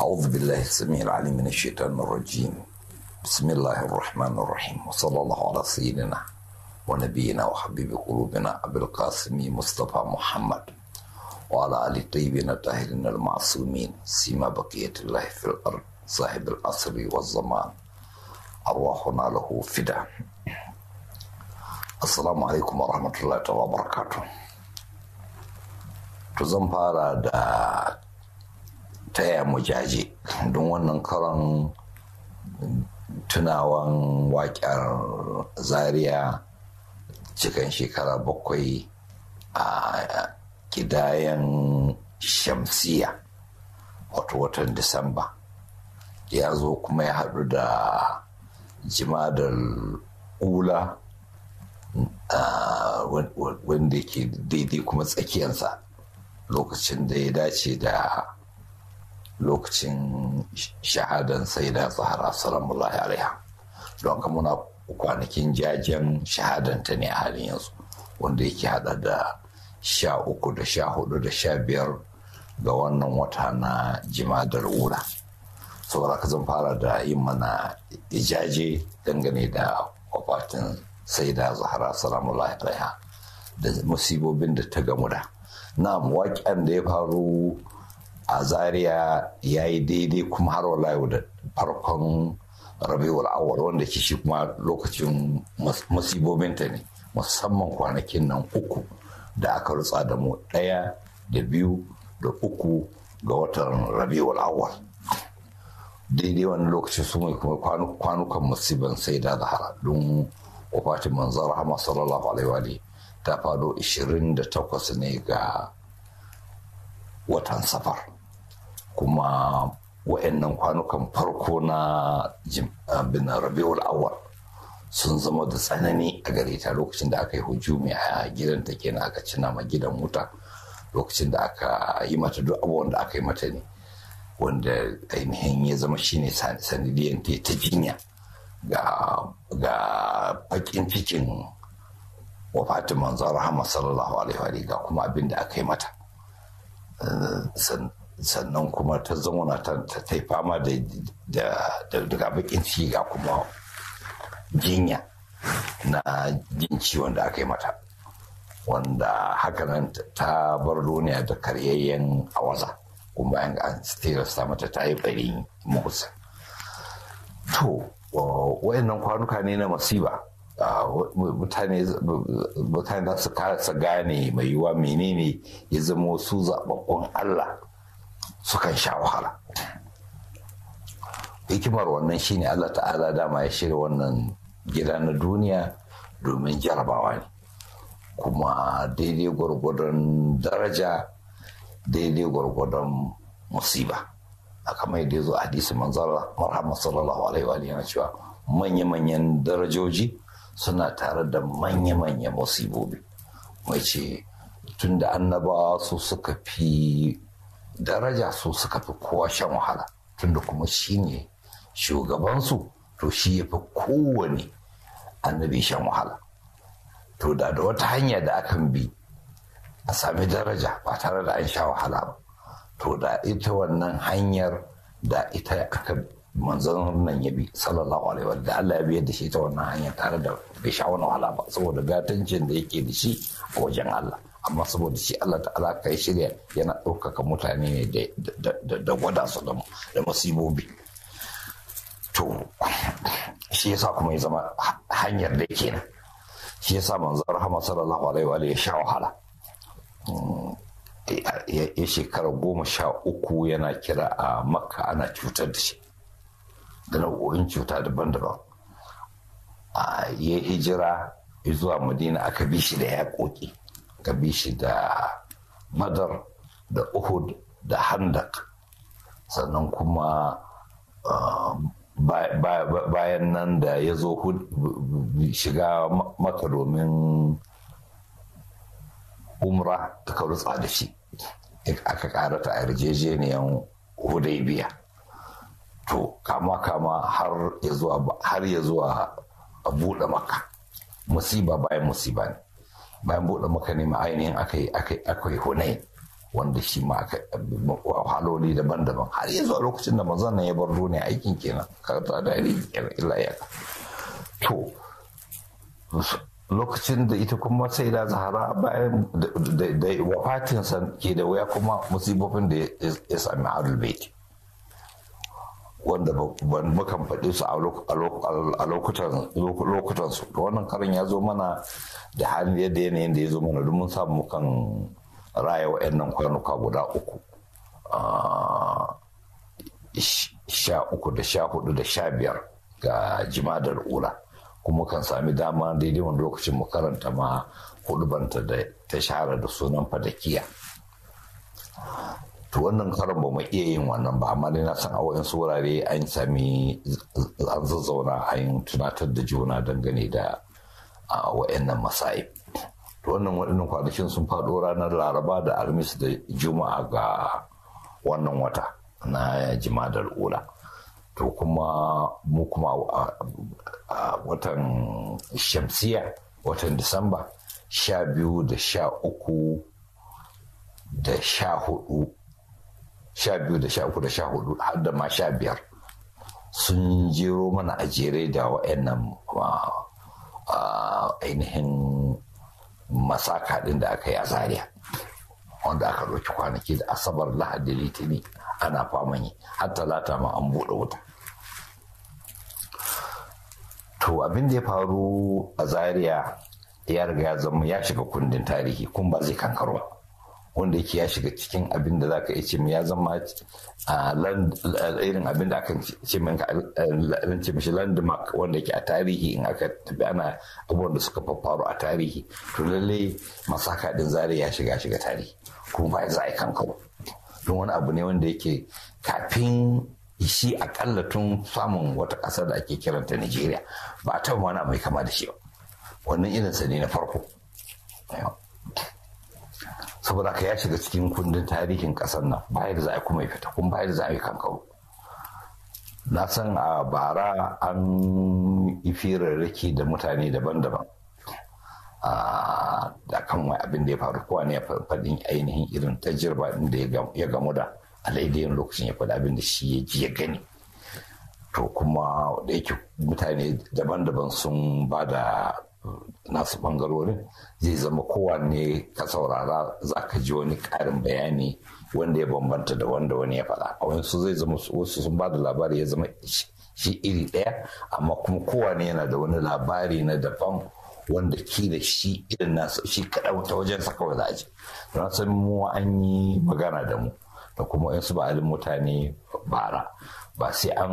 أعوذ بالله السميع العليم من الشيطان الرجيم بسم الله الرحمن الرحيم وصلى الله على سيدنا ونبينا وحبيب قلوبنا أبي القاسم مصطفى محمد وعلى آل الطيبين الطاهرين المعصومين سيما بقية الله في الأرض صاحب العصر والزمان أرواحنا له فدا السلام عليكم ورحمة الله وبركاته barakatuh. To taya mu jaje don wannan karon tunawan waƙar zaria cikin shekara bakwai a kidayen shamsiya wato watan disamba ya zo kuma ya haɗu da jimadar ula wanda ke daidai kuma tsakiyarsa lokacin da ya dace da lokacin shahadan sai da tsahara salamullahi alaiha don ka muna kwanakin jajen ta ne a halin yanzu wanda yake hada da sha uku da sha hudu da sha biyar ga wannan wata na jimadar ura saboda ka zan fara da yin mana ijaje dangane da kwafatin sai da zahara salamullahi alaiha da musibobin da ta gamu da na waƙen da ya faru a zaria ya yi daidai kuma har walayu da farkon rabewar awar wanda ke shi kuma lokacin masibobinta ne musamman kwanakin nan uku da aka rutsa da mu ɗaya da biyu da uku ga watan rabewar awwal daidai wani lokacin su mai kuma kwanukan musibin sai da zahara don wafatin manzara rahama sallallahu alaihi ta fado 28 ne ga watan safar kuma wa'annan kwanukan farko na bin rabiul awal sun zama da tsanani a gare ta lokacin da aka yi hujumi a gidan ta na aka cina ma gidan wuta lokacin da aka yi mata duk abubuwan da aka yi mata ne wanda ainihin ya zama shine sanadiyan ta ta jinya ga bakin cikin wafatin manzon rahama sallallahu alaihi wa ga kuma abin da aka yi mata eh, sannan kuma ta zauna ta yi fama da daga bakin shiga kuma jinya na jin ciwon da aka yi mata wanda hakanan ta bar duniya da karyayyen waza kuma bayan an tilasta mata ta yi bari motsa. to wayannan kwanuka ne na masiba mutane za su kasa gane mai yiwuwa menene ya zama su zaɓaɓɓun Allah sukan sha wahala hikimar wannan shine Allah ta'ala dama ya shirya wannan gida na duniya domin jarabawa ne kuma daidai gwargwadon daraja daidai gwargwadon musiba a kamar yadda ya zo hadisi manzara marhamar sallallahu alaihi wa yana cewa manya-manyan darajoji suna tare da manya-manyan musibobi mai ce tun da annabawa su suka fi daraja su suka fi kowa shan wahala tunda kuma shi ne shugabansu to shi ya fi kowane annabi shan wahala to da da wata hanya da akan bi a sami daraja ba tare da an sha wahala ba to da ita wannan hanyar da ita aka manzon nan ya bi sallallahu alaihi wa da Allah ya bi da shi ta wannan hanyar tare da bai sha wani wahala ba saboda gatancin da yake da shi a wajen Allah amma saboda shi Allah ta alaka ya shirya yana ɗaukaka mutane ne da gwada su da masibobi to shi yasa kuma ya zama hanyar da ke nan shi yasa manzon rahama sallallahu alaihi wa ya sha wahala hmm, ya shekara goma sha uku yana kira a makka ana cutar da shi da nau'o'in cuta daban-daban ah, ya hijira zuwa madina aka bi shi da yaƙoƙi ka bi shi da madar da uhud da handak sannan kuma ah, bayan nan da ya zo shiga maka domin umra ta rutsa da shi aka ƙara ta a yarjejeniyan hudaybiya to kama kama har ya zuwa a buɗe maka musiba bayan musiba ne bayan buɗe maka nema ainihin akai hunai wanda shi ma haloli daban-daban har ya zuwa lokacin da manzon nan ya bar duniya aikin kenan ka ta da ila to lokacin da ita kuma sai da zahara bayan da wafatinsa ke da waya kuma musibofin da ya sami harul bait wanda mukan faɗi su a lokutan su da wannan karin ya zo mana da hannun yadda yanayin da ya zo mana domin samu mukan raya wa'annan kwanuka guda uku ah, sha uku da sha hudu da sha biyar ga jimadar ura kuma kan sami dama daidai wani lokacin mu karanta ma hudubanta da ta shahara da sunan fadakiya to wannan karon ba mu iya yin wannan ba amma dai na san a waɗansu wurare an sami an zazzauna yin tunatar da juna dangane da waɗannan masai to wannan waɗannan kwanakin sun faɗo ranar laraba da alhamis da juma'a ga wannan wata na jimadar ula to kuma mu kuma a watan shamsiya watan disamba sha biyu da sha uku da sha hudu sha biyu da sha uku da sha hudu har da ma sha biyar sun jero mana a jere da wa'annan ainihin masaka ɗin da aka yi a zaria wanda aka ɗauki kwanaki da asabar lahadi litini ana faman yi har talata ma an buɗe wuta to abin da ya faru a zaria ya riga ya zama ya shiga kundin tarihi kun ba zai kankaro ba wanda yake ya shiga cikin abin da zaka iya ce ya zama irin abin da aka ce ce mishi landmark wanda yake a tarihi in aka tafi ana abubuwan da suka faru a tarihi to lalle masaka din zare ya shiga shiga tarihi kuma ba za a yi kankau don wani abu ne wanda yake kafin shi akalla tun samun wata ƙasar da ake kiranta Nigeria ba a taɓa wani abu mai kama da shi ba wannan sa ne na farko saboda ka ya shiga cikin kundin tarihin ƙasar nan baya da za a kuma fita kuma baya da za a yi kankaro na san a bara an yi firarraki da mutane daban-daban a kan wai abin da ya faru kowa ne ya faɗin ainihin irin ta tajirba da ya gamu da alaidayin lokacin ya faɗi abin da shi ya ji ya gani to kuma da yake mutane daban-daban sun ba da nasu bangarorin zai zama kowanne ka saurara za ka ji wani karin bayani wanda ya bambanta da wanda wani ya faɗa a wasu zai zama wasu sun ba da labari ya zama shi iri ɗaya amma kuma kowanne yana da wani labari na daban wanda ke da shi irin nasu shi kaɗa ta wajen saka wa zaje don san mu an yi magana da mu da kuma yansu ba alin mutane bara ba sai an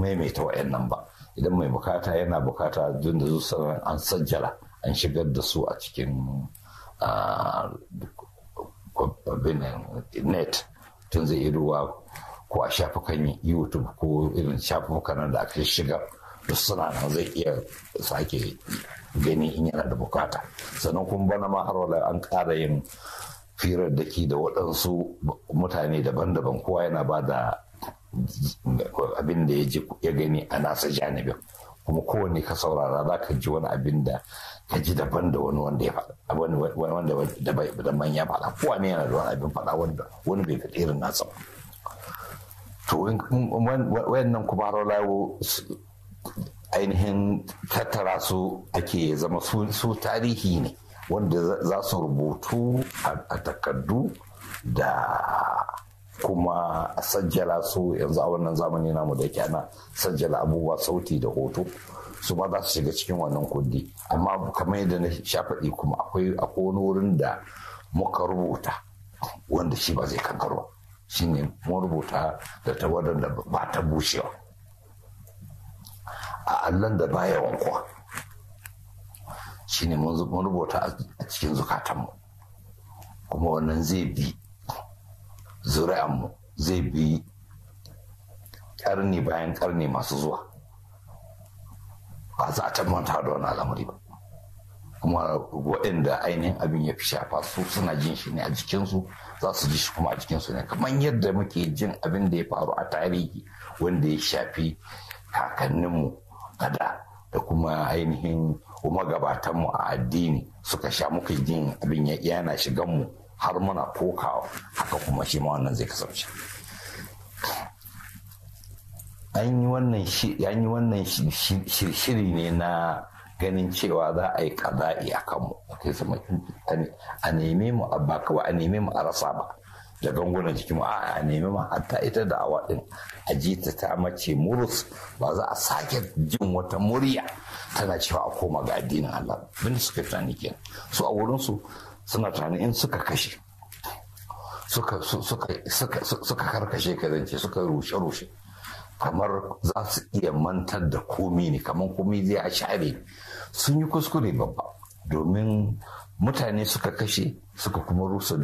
maimaita wa'annan ba idan mai bukata yana bukata don da zuwa an sajjala an shigar da su a cikin net tun zai ruwa ko a shafukan youtube ko irin shafukan da aka shiga duk suna nan zai iya sake gani in yana da bukata sannan kuma bana ma har wala an ƙara yin firar da ke da waɗansu mutane daban-daban kowa yana ba da abin da ya gani a nasa janibin kuma kowane ka saurara za ka ji wani abin da ka ji daban da wani wanda ya faɗa wanda daban ya faɗa ne yana da wani abin faɗa wanda wani bai faɗi irin nasa to wayannan kuma lawo ainihin tattara su ake zama su tarihi ne wanda za su rubutu a takardu da kuma a sajjala su yanzu a wannan zamani namu da yake ana sajjala abubuwa sauti da hoto su ba za su shiga cikin wannan kundi amma kamar yadda na shafaɗi kuma akwai akwai wani wurin da muka rubuta wanda shi ba zai kankaro shi ne mun rubuta da ta da ba ta bushewa a allon da baya wankuwa shi ne mun rubuta a cikin zukatanmu kuma wannan zai bi zuri'anmu zai bi karni bayan karni masu zuwa ba za a manta da wani al'amari ba kuma waɗanda ainihin abin ya fi shafa su suna jin shi ne a jikinsu za su ji shi kuma a jikinsu ne kamar yadda muke jin abin da ya faru a tarihi wanda ya shafi kakanninmu a da da kuma ainihin kuma gabatanmu a addini suka sha muka jin abin ya yana shiganmu har muna kokawa haka kuma shi ma wannan zai kasance an yi wannan shiri ne na ganin cewa za a yi kaza'i a kanmu a neme mu a ba kawai a neme mu a rasa ba da gangunan jikin mu a neme mu hatta ita da awa din a ji ta ta mace murus ba za a sake jin wata murya tana cewa a koma ga addinin Allah bin suka tunani kenan su a wurin su suna tunanin in suka kashe suka suka karkashe ka zance suka rushe rushe kamar za su iya mantar da komi ne kamar komi zai a share sun yi kuskure babba domin mutane suka kashe suka kuma rusa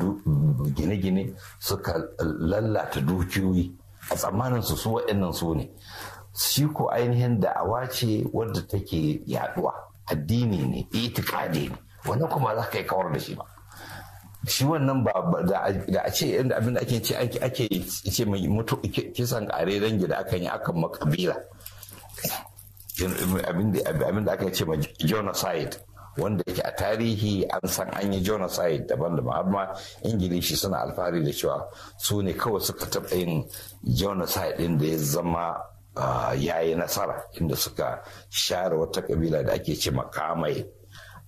gine-gine suka lalata dukiyoyi a tsammanin su su waɗannan su ne shi ko ainihin da'awa ce wadda take yaduwa addini ne itikadi ne wannan kuma za ka yi kawar da shi ba shi wannan ba da a ce inda abin da ake ce ake ce mai mutu kisan kare dangi da aka yi akan makabila abin da aka ce ma genocide wanda yake a tarihi an san an yi genocide daban-daban amma ingilishi suna alfahari da cewa su ne kawai suka taɓa yin genocide ɗin da ya zama ya yi nasara inda suka share wata kabila da ake ce makamai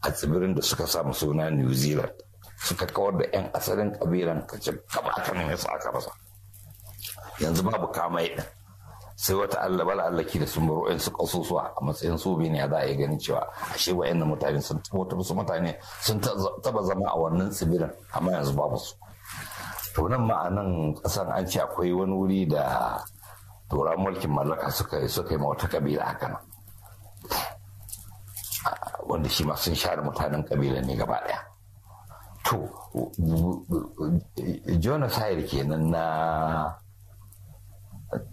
a tsibirin da suka samu suna new zealand suka kawar da 'yan asalin kabilan kacin kaba aka su aka rasa yanzu babu kamai yi. sai wata allah bala allaki da sun baro yan su suwa a matsayin su ne za a yi ganin cewa ashe wa yan mutane sun su mutane sun taba zama a wannan tsibirin amma yanzu babu su to nan ma'anan kasan an ce akwai wani wuri da tura mulkin mallaka suka yi suka yi wata kabila haka nan wanda shi ma sun share mutanen kabila ne gaba daya to genocide kenan na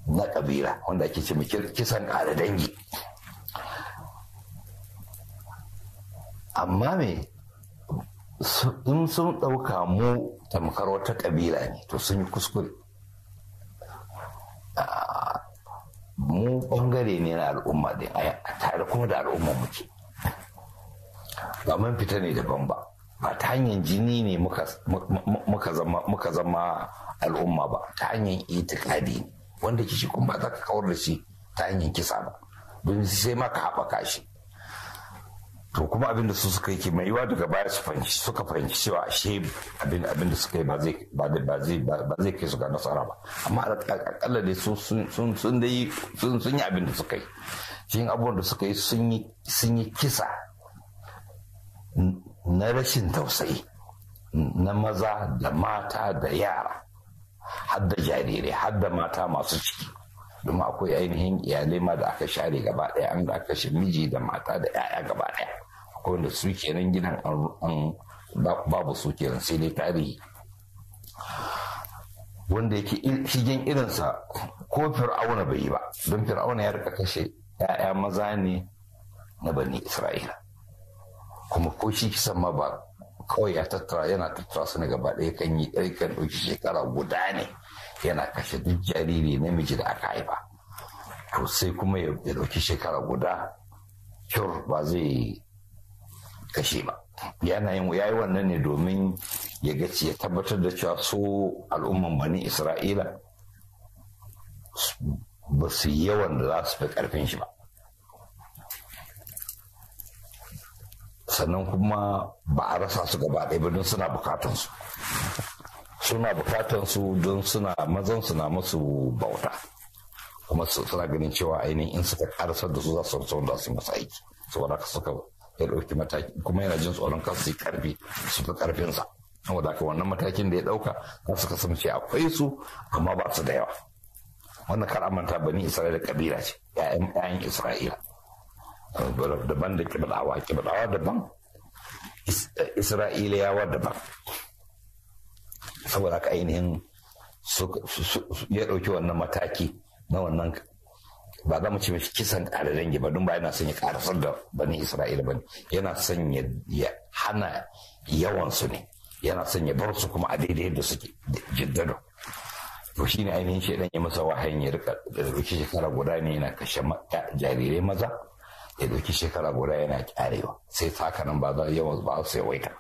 na kabila wanda ake ce kisan kada dangi amma me in sun ɗauka mu tamkar wata kabila ne to sun yi kuskure mu ɓangare ne na al'umma din tare kuma da al'umma muke ba mun fita ne daban ba ba ta hanyar jini ne muka zama al'umma ba ta hanyar itikadi wanda ki shi kuma za ka kawar da shi ta hanyar kisa ba don sai maka haɓaka shi to kuma abin da su suka yi mai yiwa daga baya su fahimci suka fahimci cewa ashe abin abin da suka yi ba zai ba zai ba zai kai su ga nasara ba amma a dai su sun sun dai sun sun yi abin da suka yi shi abubuwan da suka yi sun yi sun yi kisa na rashin tausayi na maza da mata da yara har da jarirai har mata masu ciki domin akwai ainihin iyalai ma da aka share gaba ɗaya an da aka shi miji da mata da 'ya'ya gaba ɗaya akwai wanda su kenan gidan an babu su kenan sai dai tarihi wanda yake shigen irinsa ko fir'auna bai yi ba don fir'auna ya rika kashe 'ya'ya maza ne na bani isra'ila kuma ko shi kisan ma ba kawai ya tattara yana tattara su ne gaba ɗaya kan yi ɗaukan ɗauki shekara guda ne yana kashe duk jariri namiji da aka haifa to sai kuma ya ɗauki shekara guda kyur ba zai kashe ba yana yin ya yi wannan ne domin ya gaci ya tabbatar da cewa su al'umman bani isra'ila ba su yawan da za su fi ƙarfin shi ba sannan kuma ba a rasa su gaba ɗaya ba don suna bukatansu suna bukatansu don suna mazan suna masu bauta kuma suna ganin cewa ainihin in suka karasar da su za su sau wanda su masu aiki saboda ka suka ya ɗauki mataki kuma yana jin tsoron kan su yi su fi karfinsa saboda ka wannan matakin da ya ɗauka za su kasance akwai su amma ba su da yawa wannan kar amanta bani isra'ila kabila ce 'ya'yan isra'ila daban da kiblawa kiblawa daban eh, isra'iliyawa daban saboda haka ainihin ya ɗauki wannan mataki na wannan ba za mu ce mashi kisan ƙararren dangi ba don ba yana son ya ƙarasar da bani isra'ila ba yana son ya hana yawansu ne yana son ya bar su kuma a daidai da suke jiddado to shi ne ainihin shaidan ya masa wahayin ya rika da shekara guda ne yana kashe jarirai maza ya ɗauki shekara guda yana ƙyarewa sai takanan ba za yawan ba su yawaita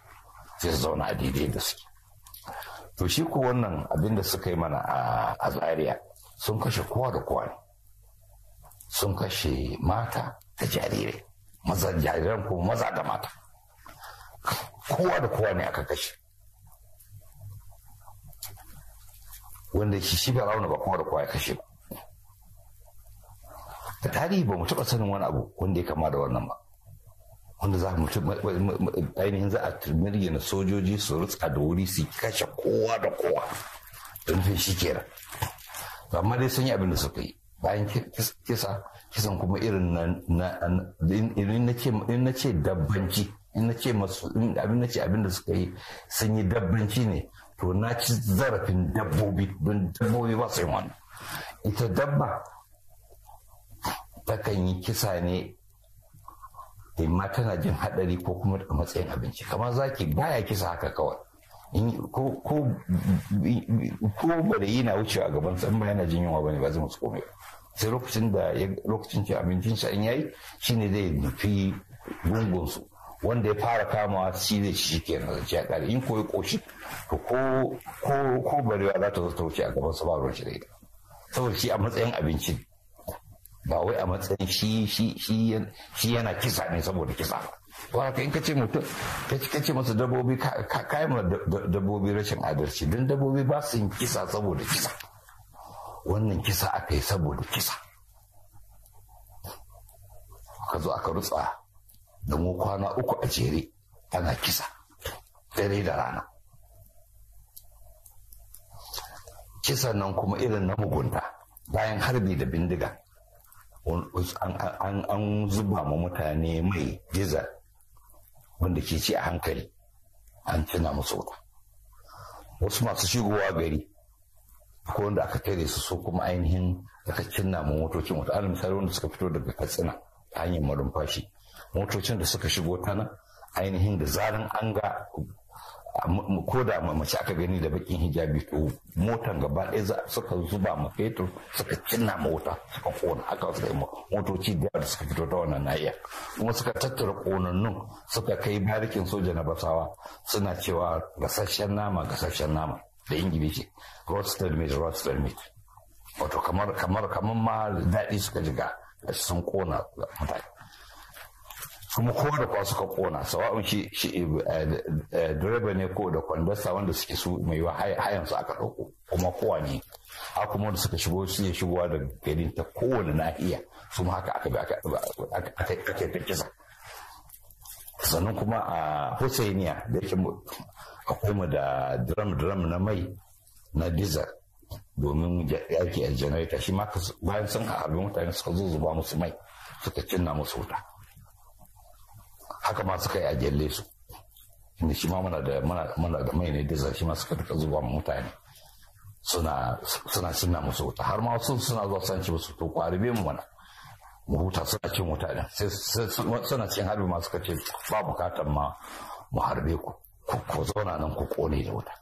sai su zauna a da suke to shi ko wannan abin da suka yi mana a zaria sun kashe kowa da kowa ne sun kashe mata da jarirai maza jariran ko maza da mata kowa da kowa ne aka kashe wanda shi shi ba rauna ba kowa da kowa ya kashe ba da tarihi ba mu taɓa sanin wani abu wanda ya kama da wannan ba wanda za mu ainihin za a na sojoji su rutsa da wuri su kashe kowa da kowa don fi shi kenan amma dai sun yi abin da suka yi bayan kisa kisan kuma irin na in na ce dabbanci in na ce masu abin na ce abin da suka yi sun yi dabbanci ne to na ci zarafin dabbobi don dabbobi ba su yi wani ita dabba takan yi kisa ne imma tana jin hadari ko kuma a matsayin abinci kamar zaki baya kisa haka kawai ko barayi na wucewa gaban san ba yana jin yunwa bane ba zai musu komai sai lokacin da lokacin abincin abincinsa in yayi shine zai nufi gungunsu wanda ya fara kamawa shi zai shi kenan zai a ƙari. in koyi koshi to ko ko ko barewa za ta zo ta wuce a gaban sa ba ruwan shi da ita saboda shi a matsayin abincin. ba wai a matsayin shi shi shi yana kisa ne saboda kisa ba ka in kace mutum ka ce masa dabbobi ka kai ma dabbobi rashin adalci dan dabbobi ba su yin kisa saboda kisa wannan kisa aka yi saboda kisa aka zo aka rutsa da mu kwana uku a jere ana kisa dare da rana kisan nan kuma irin na mugunta bayan harbi da bindiga an zuba ma mutane mai giza wanda ke ci a hankali an cina musu wuta wasu masu shigowa gari ko wanda aka tare su so kuma ainihin daga cinna mu motocin wata alam misali wanda suka fito daga katsina ta hanyar marumfashi motocin da suka shigo tana ainihin da zaran an ga ko da mace aka gani da bakin hijabi to motan gaba ɗaya suka zuba ma fetur suka cinna ma wuta suka kona haka suka yi motoci da yawa da suka fito ta wannan nahiya kuma suka tattara konannun suka kai barikin soja na basawa suna cewa gasashen nama gasashen nama da ingilishi roasted meat roasted meat wato kamar kamar kamar ma daɗi suka jiga sun kona mutane kuma kowa da kwa suka kona sawa'un shi eh, eh, direba ne ko da kwandasta wanda suke su mai wa hayan su aka ɗauko kuma kowa ne a kuma da suka shigo su ne shigowa da garin ta kowane nahiya su ma haka aka bi aka ta kisa sannan kuma a Hussainiya da yake a kuma da drum drum na mai na diesel domin yaki a janarita shi ma bayan sun haɗu mutane suka zuzuba musu mai suka cinna musu wuta haka ma suka yi a gyalle su inda shi ma muna da muna da mai ne da shi ma suka rika zuwa mutane suna suna suna musu wuta har ma wasu suna zuwa san ci musu to kwaribe mu mana mu huta suna cin wuta ne suna cin harbi ma suka ce ba bukatan ma mu harbe ku ku zauna nan ku kone da wuta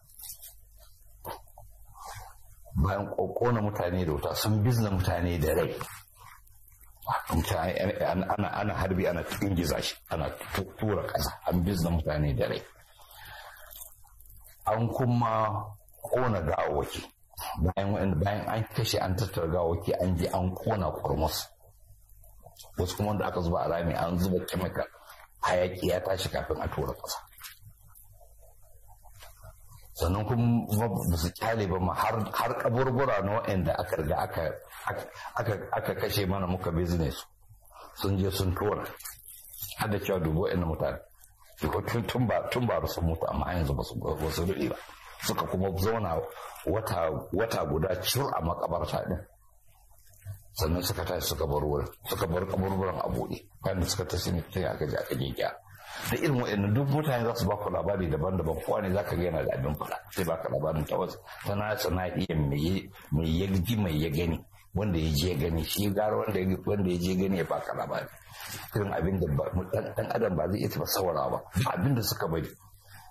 bayan kokona mutane da wuta sun bizna mutane da rai ana harbi ana ingiza shi ana tura kasa, an bizna mutane da rai an kuma kona gawaki bayan an kashe an tattara gawaki an je an kona kurmus wasu kuma da aka zuba a rami an zuba kemikal hayaki ya tashi kafin a tura kasa. sannan kuma ba su kyale ba har kaburbura na waɗanda aka riga aka kashe mana muka business sun je sun tona har da cewa dubu waɗanda mutane tun ba su mutu amma yanzu ba su rufe ba suka kuma zauna wata guda cur a makabarta din sannan suka tashi suka bar wurin suka bar kaburburan a buɗe bayan suka tashi ne ta aka je aka gyagya da irin waɗannan duk mutane za su baka labari daban-daban kowa ne za ka gina da abin faɗa sai baka labarin ta wasu na iya mai ya ji mai ya gani wanda ya je gani shi gara wanda ya wanda ya je gani ya baka labari irin abin da dan adam ba zai iya taba saurawa ba abin da suka bari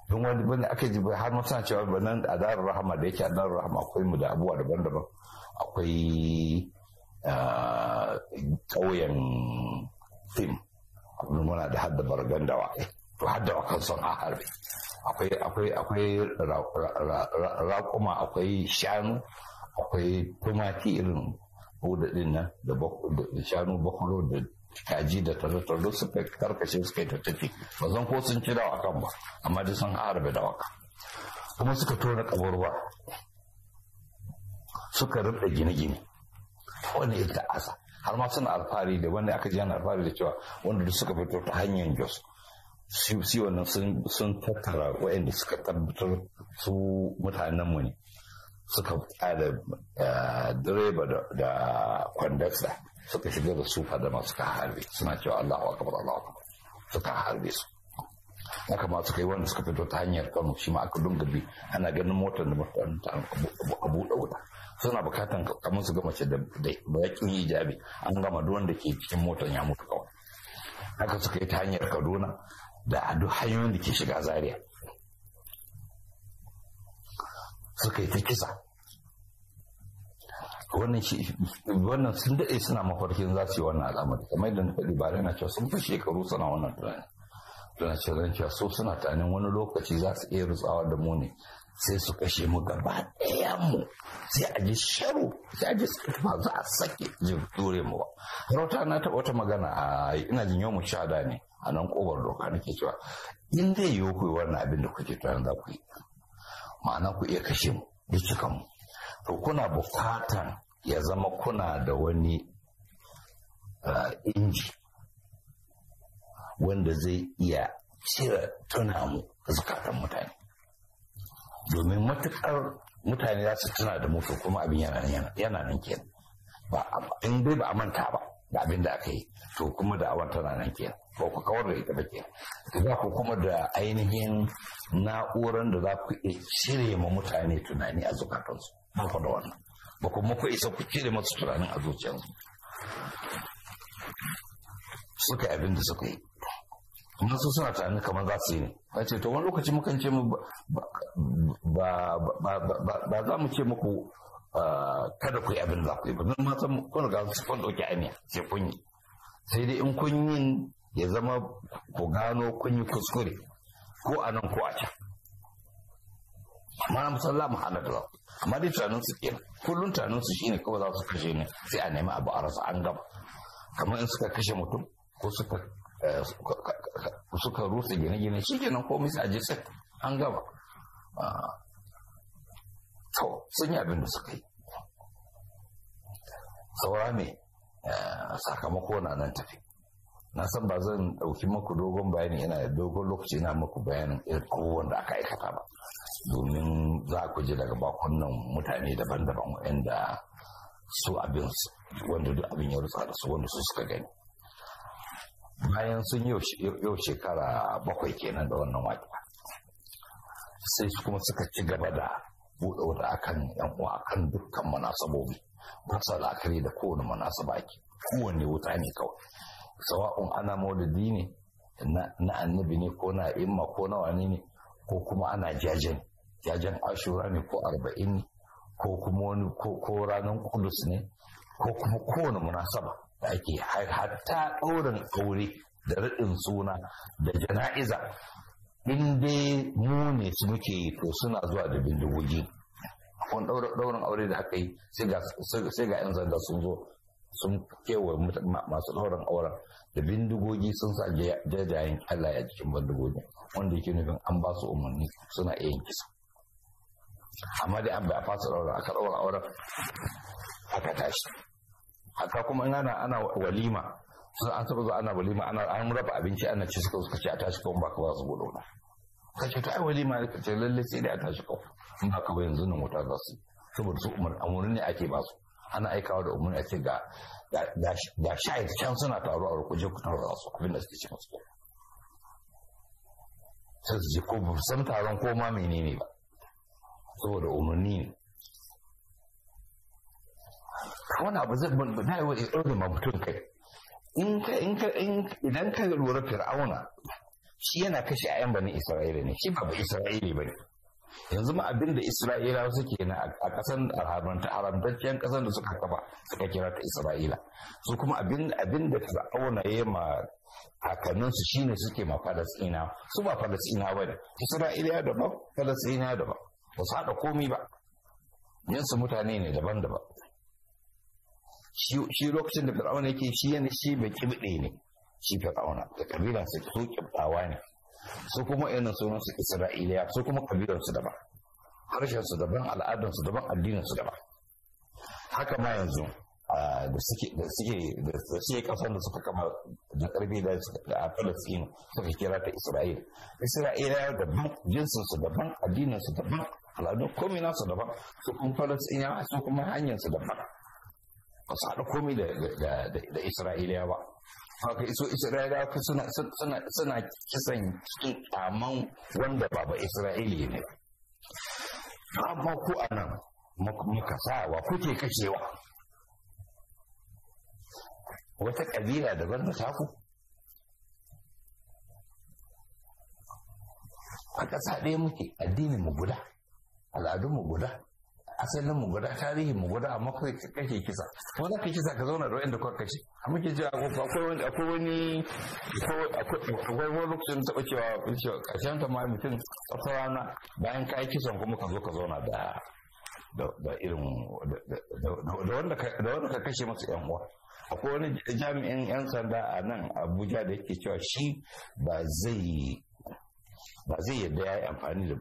don wani bane aka ji har ma cewa cewa nan a darar rahama da yake a darar rahama akwai mu da abubuwa daban-daban akwai ah, ƙauyen fim kuma muna da hadda bargan dawa to hadda kan son a harbe akwai akwai akwai raƙuma akwai shanu akwai tumaki irin buɗe din nan da shanu bakwaro da kaji da tattalo suka karkashe suka yi ta tafi ba zan ko sun ci dawakan ba amma dai sun harbe dawaka kuma suka tona kaburwa suka rubda gine-gine wani ita asa har ma suna alfahari da wanda aka ji alfahari da cewa wanda duk suka fito ta hanyar jos su wannan sun tattara wa'anda suka tabbatar su mu ne suka eh, da direba da kwandasa suka shiga da su fadama suka harbe suna cewa Allahu akbar Allahu akbar suka harbe su haka ma suka yi wanda suka fito ta hanyar Kano shi ma aka dunga bi ana ganin motar da mutanen ta buɗe wuta suna bukatan kamar su ga mace da bakin hijabi an gama duk wanda ke cikin motar ya mutu kawai haka suka yi ta hanyar kaduna da duk hanyoyin da ke shiga zaria suka yi ta kisa wannan sun daɗe suna mafarkin za su yi wannan alamar. kamar yadda na faɗi na cewa sun fi shekaru suna wannan tunanin tunanin cewa so suna tunanin wani lokaci za su iya rutsawa da mu ne sai su kashe mu gaba mu sai a ji sharu sai a ji ba za a sake jin dure mu ba rauta na taɓa wata magana a ina jin yau mu sha ne a nan kobar doka nake cewa in zai yiwu ku yi wannan abin da kuke tunanin za ku yi ma'ana ku iya kashe mu da cika mu to kuna bukatan ya zama kuna da wani eh, inji wanda zai iya cire tuna mu zukatan mutane domin matukar mutane za su tuna da mutu kuma abin yana nan ke ba in dai ba a manta ba da abin da aka yi to kuma da awar tana nan ke ko ku kawar da ita ba ke za ku kuma da ainihin na'uran da za ku iya cire ma mutane tunani a zukatansu ba ku da wannan ba kuma ku isa ku cire masu tunanin a zuciyansu suka abin da suka yi kuma su suna tunanin kamar za su yi ne a ce to wani lokaci mukan ce mu ba za mu ce muku ah, kada ku yi abin za ku yi ba ma san kuna ga su kun ɗauki aniya sai kun yi sai dai in kun yi ya zama ku gano kun yi kuskure ko a nan ko a can amma na musalla mu hana da amma dai tunanin su ke kullum tunanin su shine kawai za su kashe ne sai a nemi abu a rasa an gama kamar in suka kashe mutum ko suka Eh, suka rufe gine-gine shi kenan komai sa je sai an gaba ah, to sun yi abin da suka yi saura ne eh, sakamako na nan tafi na san ba zan ɗauki maku dogon bayani ina da dogon lokaci ina maku bayanin irin abubuwan da aka aikata ba domin za ku ji daga bakunan mutane daban-daban wanda su abin wanda duk abin ya rutsa da su wanda su suka gani bayan sun yau shekara bakwai kenan da wannan waƙa sai kuma suka ci gaba da buɗe wata akan yan uwa akan dukkan munasabobi ba su la'akari da kowane munasaba ke kowane wuta ne kawai sawa'un ana maulidi ne na annabi ne ko na imma ko na wani ne ko kuma ana jajen jajen ashura ne ko arba'in ne ko kuma wani ko ranar kudus ne ko kuma kowane munasaba da ake hatta ɗaurin aure da raɗin suna da jana'iza in dai mu ne su muke yi to suna zuwa da bindigogi Akwai ɗaurin aure da aka yi sai ga 'yan sanda sun zo sun kewa masu ɗaurin auren da bindigogi sun sa jajayen Allah a cikin bindigogi wanda yake nufin an ba su umarni suna iya yin kisa amma dai an bai a fasa ɗaurin aka ɗaurin auren aka tashi haka kuma in ana ana walima sai an taba zuwa ana walima ana an raba abinci ana ci suka suka ci a tashi kawai baka ba su gudu na ka ce to ai walima ne ka ce lalle sai dai a tashi kawai in ba ka yanzu nan wuta za su saboda su umar ne ake ba su ana aikawa da umarni a ce ga ga shayar can suna taro a rukuje ku taruwa su abinda suke ce masu sai su ji ko san taron ko ma menene ba saboda umarni ne wani abu zai na yawa wani irin mutum kai idan ka lura fir'auna shi yana kashe ayan bani isra'ila ne shi ba ba isra'ila ba ne yanzu ma abin da isra'ilawa suke na a kasan arabanta arabtacciyar kasan da suka kafa suka kira ta isra'ila su kuma abin da fir'auna ya ma shi shine suke ma falasina su ba falasina ba ne isra'ila daban falasina daba ba su haɗa komi ba yansu mutane ne daban-daban shi lokacin da fir'auna yake shi yana shi mai kibɗe ne shi fir'auna da kabilan su su kibɗawa ne su kuma yana sunan su isra'iliya su kuma kabilan su daban harshen su daban al'adun su daban addinin su daban haka ma yanzu da suke da suke da suke kasan da suka kama da karfi da a Palestine suka kira ta Isra'il Isra'ila daban jinsin su daban addinin su daban al'adun komai na su daban su kuma Palestine su kuma hanyar su daban ba su haɗa komai da isra'iliya ba haka iso isra'iliya suna kisan kyaman wanda ba ba isra'ili ne amma ku a nan muka sawa kuke kashewa wata ƙabila daban da taku a ƙasa ɗaya muke addinin mu guda al'adun mu guda asalin mu guda tarihi mu guda amma kai kake kisa ko za ka kisa ka zauna da wanda kuka kace amma ke ji akwai wani akwai wani akwai wani lokacin take cewa cewa kashin ta ma mutum wata rana bayan kai kisan kuma ka zo ka zauna da da irin da wanda ka kashe masa yan uwa akwai wani jami'in yan sanda a nan abuja da yake cewa shi ba zai ba zai yarda ya yi amfani da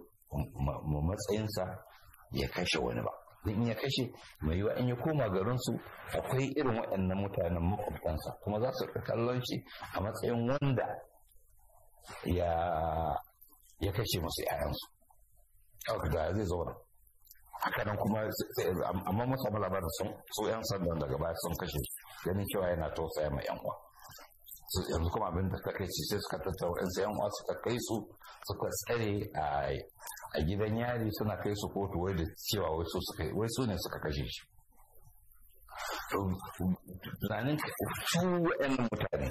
matsayinsa ya kashe wani ba in ya kashe mai yiwa in ya koma garinsu akwai irin waɗannan mutanen makwabtansa kuma za su kallon shi a matsayin wanda ya kashe musu ‘ya'yansu kawai da zai zauna haka nan kuma amma masu labarin sun ‘yan sandan daga baya sun kashe ganin cewa yana tausaya mai ‘yan uwa yanzu kuma abin da ka kai sai suka tattaura sai yan uwa suka kai su suka tsare a gidan yari suna kai su kotu wai da cewa wai su ne suka kashe shi tunanin su wa'yan mutane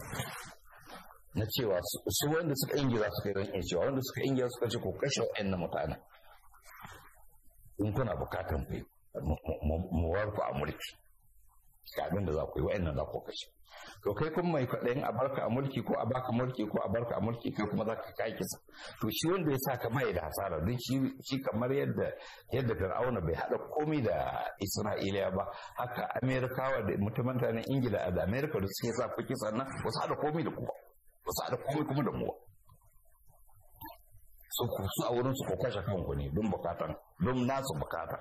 na cewa su wanda suka ingira suka yi don iya cewa wanda suka ingira suka ce ko kashe na mutane in kuna bukatan mu warku a mulki ga abin da za ku yi wa'annan za ku kashe to kai kuma mai kwaɗayin a barka a mulki ko a baka mulki ko a barka a mulki kai kuma za ka kai kisa to shi wanda ya sa ka mai da hasara don shi kamar yadda yadda fir'auna bai haɗa komai da isra'ila ba haka amerikawa da mutumin mutanen ingila da amerika da suke sa kuki sannan ba su haɗa komai da kowa ba su haɗa komai kuma da muwa su su a wurin su ko kashe kanku ne don bukatan don nasu bukata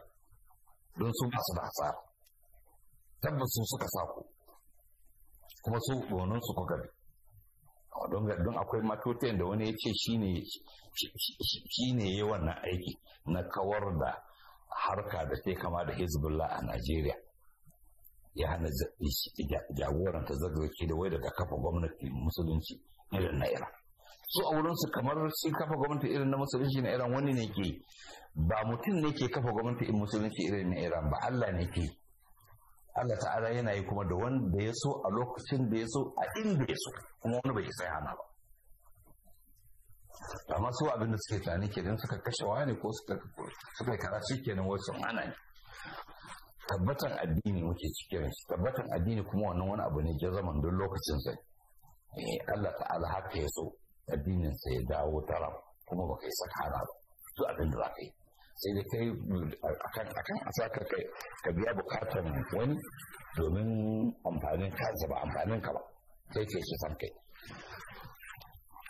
don su ba su da hasara tabbas su suka sa ku kuma su donin su kuka bi don akwai matotiyan da wani ya ce shi ne yi wannan aiki na kawar da harka da ta kama da hezbollah a nigeria ya hana jagoranta zazzaki da wai daga kafa gwamnati musulunci irin na iran su a wurinsu kamar shi kafa gwamnati irin na musulunci na iran wani ne ke ba mutum ne ke kafa gwamnati musulunci irin na iran ba allah ne ke yi. Allah ta'ala yana yi kuma da wanda ya so a lokacin da ya so a inda ya so kuma wani bai sai hana ba amma su abinda suke ke don suka kashe wani ko suka kara shi kenan wasu ana ne tabbatan addini muke cikin shi tabbatan addini kuma wannan wani abu ne jazaman don lokacin sai eh, Allah ta'ala haka ya so addinin sai ya dawo taram kuma baka yi sakana ba su abin da za ka yi sai da kai a akan a saka kai ka biya bukatan wani domin amfanin kansa ba amfanin ka ba sai ke shi san kai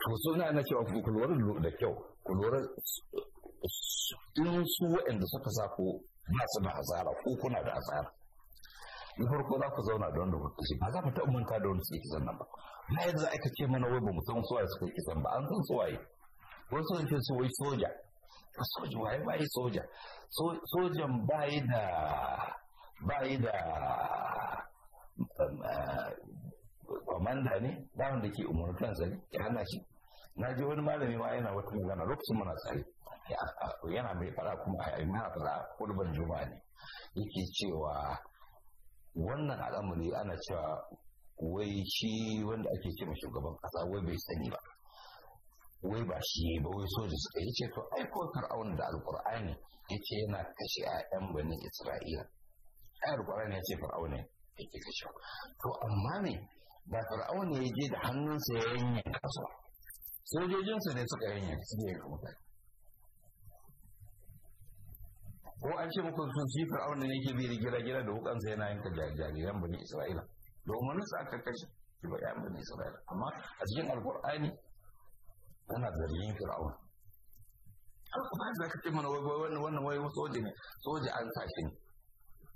to suna na cewa ku lura da kyau ku lura in su waɗanda suka sa ku ba su da hasara ko kuna da hasara na farko za ku zauna da wanda ku ce ba za ku taɓa manta da wanda suke kisan nan ba na yadda ce mana wai ba mu san suwaye suka kisan ba an san suwaye wasu sun ce su wai soja soja waye ba yi soja sojan ba da ba da kwamanda um, uh, ne ba wanda ke umarkan sa ya hana shi na ji wani malami ma yana wata magana lokacin mana tsari yana mai fara kuma a yi yana fara kurban juma'a ne yake cewa wannan al'amari ana cewa wai shi wanda ake ce shugaban kasa wai bai sani ba wai ba shi ba wai da suka yi ce to aiko Auna da alqur'ani yace yana kashe 'yan bani isra'ila ai alqur'ani yace ya yake kashe to amma ne ba auna ya je da hannunsa ya yanyan kasa sojojinsa ne suka yanyan su ne mutane ko an ce muku sun shi Auna ne yake bi gira gira da wukansa yana yanka jariran bani isra'ila domin su aka kashe ba ya bani isra'ila amma a cikin alqur'ani tana zargin fir'aun kuma za ka ce mana wannan wai soja ne soja an sashi ne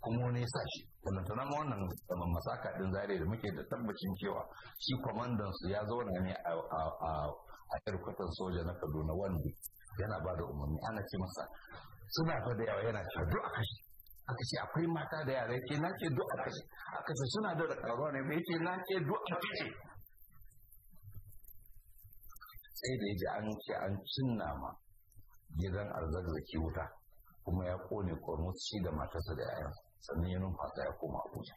kuma wani ya sashi wannan tunan wannan zaman masaka din zare da muke da tabbacin cewa shi kwamandan su ya zauna ne a irkwatan soja na kaduna wanda yana ba da umarni ana ce masa suna fa da yawa yana cewa duk a kashi aka ce akwai mata da yara yake na ce duk a kashi aka ce suna da karuwa ne mai ce na ce duk a kashi sai da ya ji an ce an cinna ma gidan arzazzaki wuta kuma ya kone kormuci da matarsa da yayan sannan ya numfasa ya koma abuja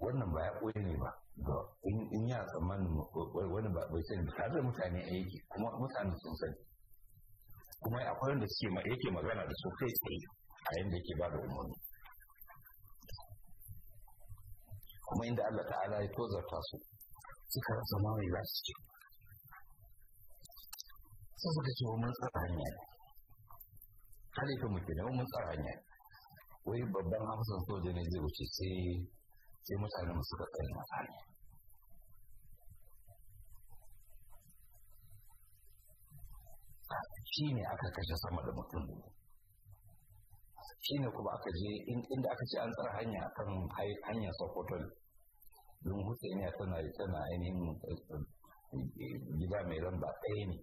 wannan ba ya koyi ne ba in ya tsammanin wani ba bai sani tare da mutane a yake kuma mutane sun sani kuma akwai wanda suke yake magana da su kai tsaye a yadda yake ba da umarni kuma inda Allah ta'ala ya tozarta su suka rasa mawai za su ce sai suka ce mun tsara hanya halifa mu kenan mun tsara hanya wai babban hafsan soja ne zai wuce sai sai mutane mu suka tsaya na hanya shi ne aka kashe sama da mutum shi ne kuma aka je inda aka ce an tsara hanya kan hanyar sokoto don hussein ya tana tana ainihin eh, eh, gida mai lamba ɗaya ne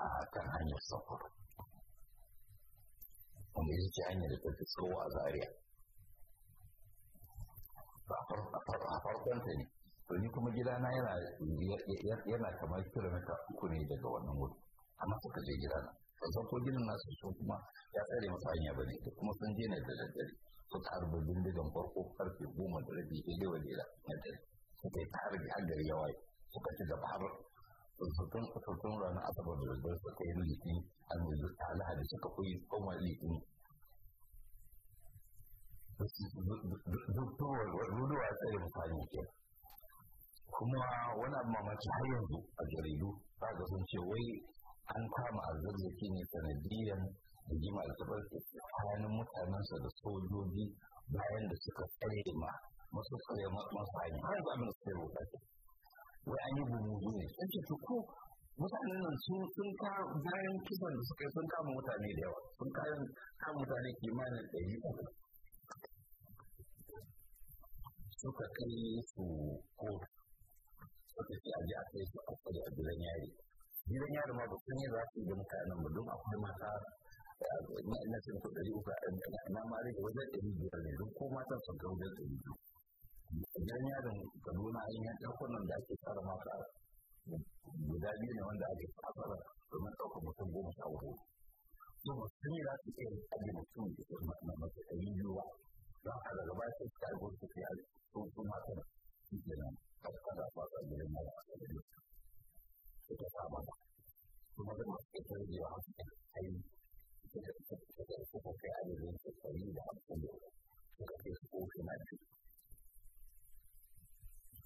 akan hanyar sokoto wanda ita ce hanyar da ta fi tsowa a zaria a farkon ta ne to ni kuma gidana yana kamar kilomita uku ne daga wannan wuri amma suka je gidana ban ko gidan nasu sun kuma ya tsare masa hanya ba ne kuma sun je na da daddare suka harba bindigan farko karfe goma da rabi daidai wa lera na dare suka yi ta harbi har gari ya waye suka ci gaba har tsofaffin tsofaffin ranar asabar da zubar suka yi litinin an da zuwa lahadi suka koyi koma litinin ruduwa tsaye mutane ke kuma wani abu mamaki har yanzu a jaridu ba ga sun ce wai an kama arzarzaki ne sanadiyan da jima alkabar tsakanin mutanensa da sojoji bayan da suka tsare ma masu tsare masu hanyar har yanzu abin da suka yi wai an ne sun to ko mutanen nan sun sun ka bayan kisan da suka sun kama mutane da yawa sun kayan kama mutane kimanin ɗari uku suka kai su kotu suka ce a ji a kai su a kwari a gidan yari gidan yari ma ba sun yi za su yi da mutanen ba don akwai mata eh, na cin kuɗi uku na ma rage wajen ɗari biyar ne don ko matan sun ga wajen ɗari biyu idan yaron kaduna an yi ɗakunan da ake tsara mata guda biyu ne wanda ake tsara domin ɗaukar mutum goma sha uku kuma mutum ne za su iya ajiye mutum da ke mace ɗari biyu don a daga baya sai ta aiko su fiye su su mata da su ke nan a cikin da fasa gidan mara a cikin da su ta saba ba kuma da masu ƙasar da yawa a ta kai su ta kai a yanzu su ta yi da hamsin da su ta kai su ko shi na biyu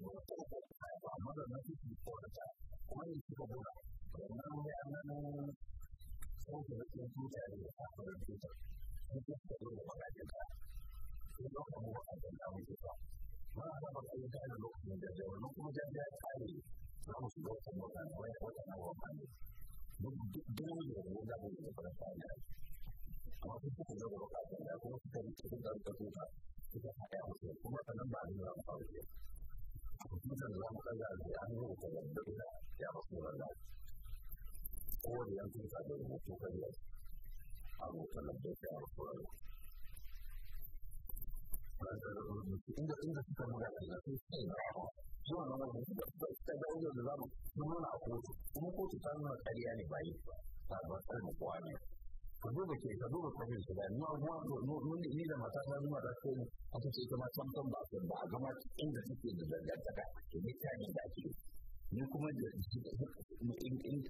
mother message before the time. Why is people do that? They know they have no soul to the future and the past of the future. They just don't know what I did that. They don't know what I did that we did that. まあ、なんか、みたいなロックで、で、俺のこのジャンジャータイム、なんか、どうしても、なんか、俺、俺がなんか、わかんない。ど、ど、どういうのを、なんか、これ、さえない。あ、結構、どころか、なんか、この人に、ちょっと、なんか、こうか、ちょっと、早く、この後、ナンバーに、なんか、あるけど。مثلا لو خلى عن نقطة بدنا يا رسول الله هو اللي يمكن هذا الموضوع اليوم أبو تلبيك يا رسول الله inda inda suka mura da zafi sai na hawa zuwa na wani da ta ga wajen da zamu mun nuna a kotu kuma kotu ta nuna ƙarya ne ba yi ba ba da kowa ka duba ke ka duba ka su da ni wa ni da mata ta zuwa da kai a ta ce kuma san san ba ba a gama inda take da dangantaka to ne ta ne da ake ni kuma da in in in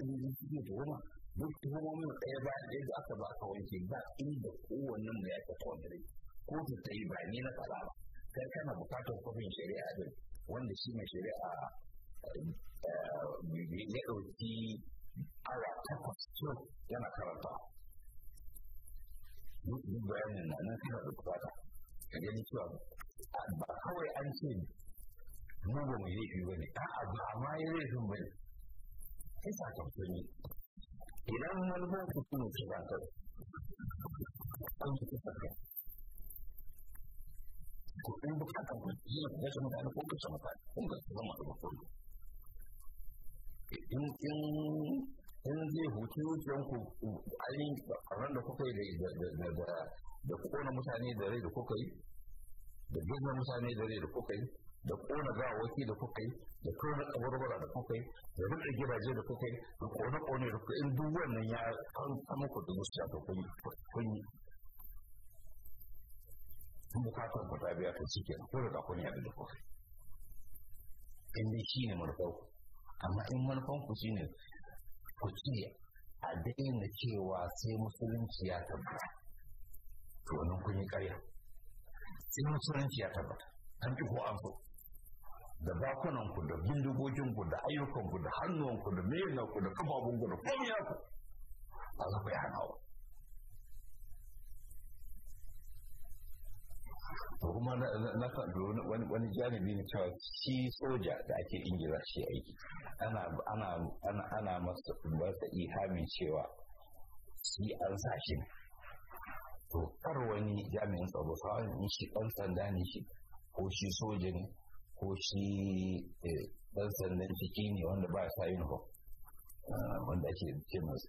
ne to ma duk kuma mun tsaye ba da yadda aka ba ka wanke ba inda kowannen mu ya ta kwabin ko ta tsaye ba ni na fara ba kai kana bukatar kwabin shari'a din wanda shi mai shari'a eh, ya ɗauki awa takwas yana karanta duk bayanin na nan suna da bukata ka gani cewa ba kawai an ce mu ba mu laifi ba ne a'a ba ma yi laifin ba ne sai sakamako ne idan wani ba ku kuma ce ba ta kun ci saka ko in bukatan kuma yi ku kashe mutane ko kashe mutane kun ga zama da ba kullum in in zai hutu wucin ku ainihin ran da kuka yi da kona mutane da rai da kuka yi da gina mutane da rai da kuka yi da kona gawaki da kuka yi da kona kabarbara da kuka yi da rike gidaje da kuka yi da kone kone da kuka in duk wannan ya an samu ku da musu shafa kun yi kun bukatar ku ta biya ta cike ko da kun yadda da kuka yi in dai shi ne amma in shi ne ku a daina cewa sai musulunci ya tabbata to wannan kun yi ƙarya sai musulunci ya tabbata an ki ko an so da ku da bindigogin ku da ku da ku da ku da ku da komai ku a zafi hanawa to kuma na wani janibi na cewa shi soja da ake ingila shi aiki ana masa ihamin cewa shi an sa to kar wani jami'in tsaro sa'an shi ɗan sanda ne shi ko shi soja ne ko shi eh, ɗan sandan ciki ne wanda ba sa uniform wanda ake ce masu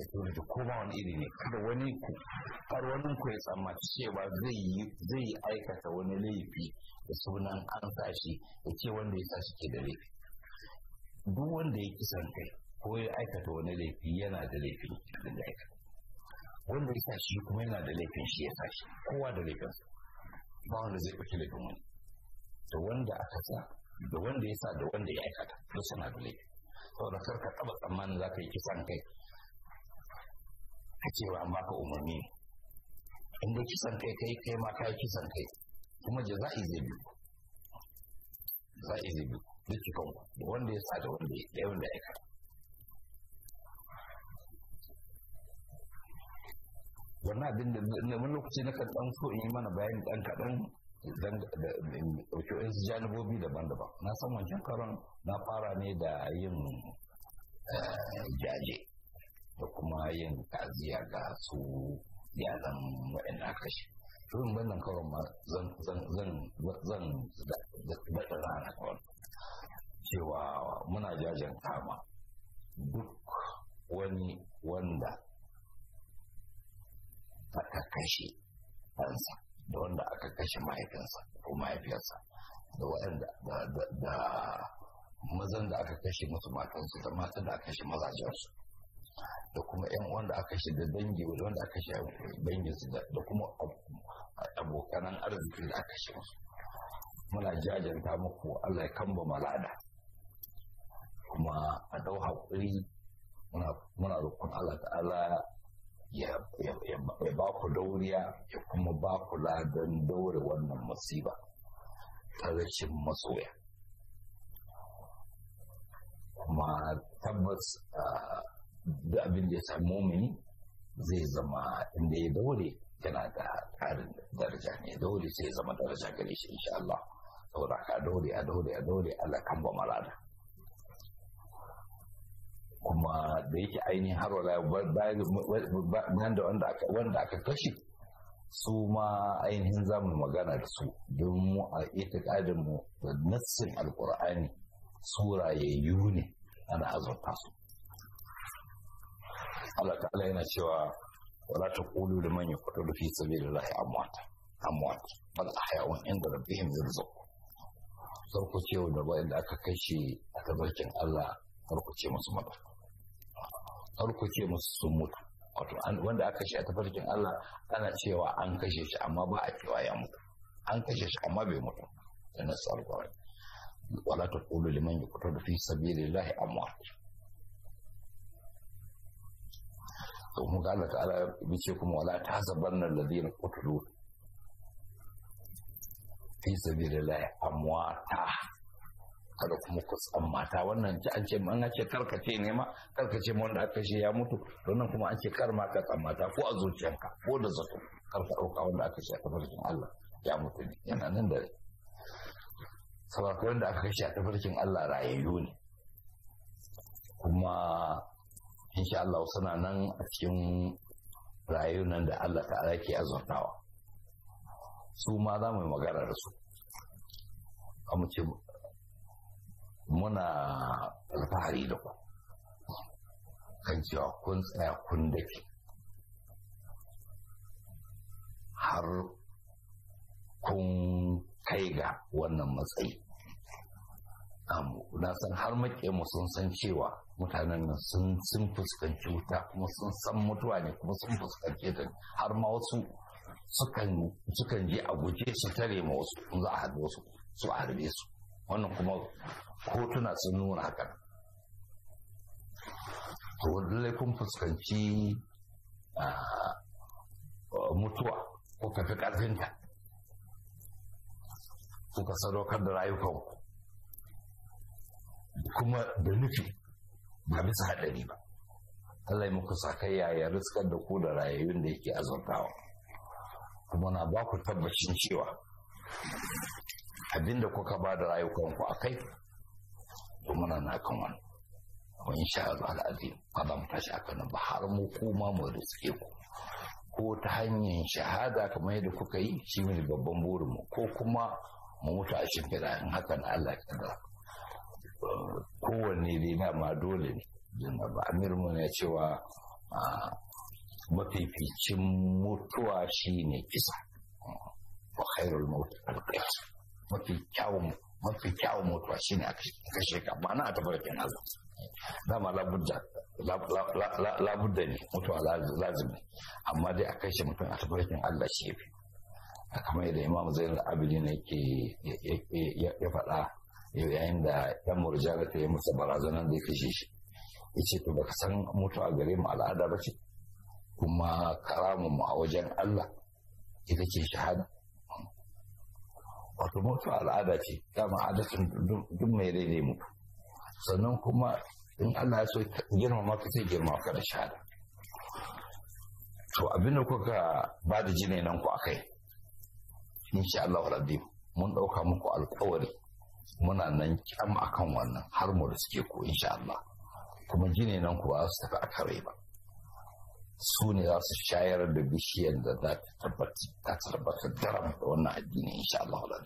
security ko ba wani iri ne kada wani ku har wani ku ya tsammaci cewa zai yi aikata wani laifi da sunan an sashi ya ce wanda ya sashi ke da laifi duk wanda ya kisan kai ko ya aikata wani laifi yana da laifin da ya aikata wanda ya sashi kuma yana da laifin shi ya sashi kowa da laifin laifinsa ba wanda zai ɗauki laifin wani da wanda aka sa da wanda ya sa da wanda ya aikata duk suna da laifi saboda kar ka taba tsammanin za ka yi kisan kai a cewa an baka umarni inda kisan kai kai kai ma ka yi kisan kai kuma a izi biyu a izi biyu duk cikin da wanda ya sa da wanda ya wanda ya kara wannan abin da wani lokaci na kan ɗan so in yi mana bayani ɗan kaɗan ɗauki wasu janibobi daban-daban na san wancan karon na fara ne da yin eh, jaje da kuma yin ta'aziyya ga su yaran waɗanda aka kashe turin bannan karon ma zan zan zan zan rana kawai cewa muna jajen kama duk wani wanda aka kashe kansa da wanda aka kashe mahaifinsa ko mahaifiyarsa da waɗanda da mazan da aka kashe musu matansu da matan da aka kashe mazajensu da kuma yan wanda aka kashe da dangi wanda aka kashe danginsu da kuma abokanan arzikin da aka kashe musu muna jajanta muku Allah ya kamba malada kuma a dau haƙuri muna roƙon Allah ta'ala ya ba ku dauriya ya kuma ba ku ladan daure wannan musiba ta rashin masoya kuma tabbas da abin da ya sami mumini zai zama inda ya daure yana da karin daraja ne daure sai zama daraja gare shi insha Allah saboda ka daure a daure a daure Allah kan ba malada kuma da yake ainihin har wala wanda aka kashe su ma ainihin zamu magana da su don mu a ita mu da nassin alkur'ani surayayyu ne ana azurta su Allah ta'ala yana cewa wala taqulu da yaqtulu fi sabilillahi amwata amwat a ahya'un inda rabbihim yarzuq sarku ce da wanda aka kashe a tabarkin Allah sarku ce musu farkuce musu sun mutu wato wanda aka shi a tafarkin Allah ana cewa an kashe shi amma ba a cewa ya mutu an kashe shi amma bai mutu da nasu alƙawari wala ta kulu liman ya kuta da fi sabilillahi amma to mu ga Allah ta'ala bice kuma wala ta zabanna alladhina qutilu fi sabilillahi amwata kada kuma kusan mata wannan ci an ce an ce karkace ne ma karkace mu wanda aka ce ya mutu wannan kuma an ce kar ma ka tsammata ko a zuciyanka ko da zato kar ka ɗauka wanda aka ce a tafarkin Allah ya mutu ne yana nan da rai wanda aka kashe a tafarkin Allah rayayyu ne kuma insha Allah suna nan a cikin rayu nan da Allah ta'ala ke azurtawa su ma za mu yi magana da su ce muna alfahari da ku kan cewa kun tsaya kun dake har kun kai ga wannan matsayi na san har mu sun san cewa mutanen nan sun fuskanci wuta kuma sun san mutuwa ne kuma sun fuskanci ta har ma wasu sukan je a guje su tare ma wasu za a harbe su su harbe su wannan kuma kotuna sun nuna hakan to lallai kun fuskanci mutuwa ko tafi karfinta, ƙarfinta kuka sadaukar da rayukanku kuma da nufi ba bisa haɗari ba Allah ya muku kai yaya riskar da ku da rayayyun da yake azurtawa kuma na ba ku tabbacin cewa abinda kuka ba da ku a kai kuma na kan wani wani sha'adu ba aka mu ba har mu kuma mu riske ku ko ta hanyar shahada kamar yadda kuka yi shi ne babban burinmu ko kuma mu mutu a shimfiɗa in haka na Allah ya kaddara kowanne dai na ma dole ne ba amir mu ne cewa mafificin mutuwa shine kisa wa khairul maut al mafi kyawun mafi kyawun mutuwa shine a kashe ka ba na a tabarkin Allah dama labudda labudda ne mutuwa lazimi amma dai a kashe mutum a tabarkin Allah shi fi kamar yadda imam zain al-abidin yake ya faɗa yayin da yan murjala ta yi masa barazanar da ya fi shi yace to baka san mutuwa gare mu al'ada ba ce kuma karamun mu a wajen Allah ita ce shahada wato mutu al'ada ce dama adatin duk mai daidai mu sannan kuma in Allah ya so girmama ka sai girma ka da shahada to abin da kuka ba da jini nan ku akai insha Allah rabbi mun dauka muku alƙawari muna nan kyam akan wannan har mu da suke ku insha Allah kuma jini nan ku ba su tafi a kare ba su ne za su shayar da bishiyar da za ta tabbatar daram da wannan addini insha Allah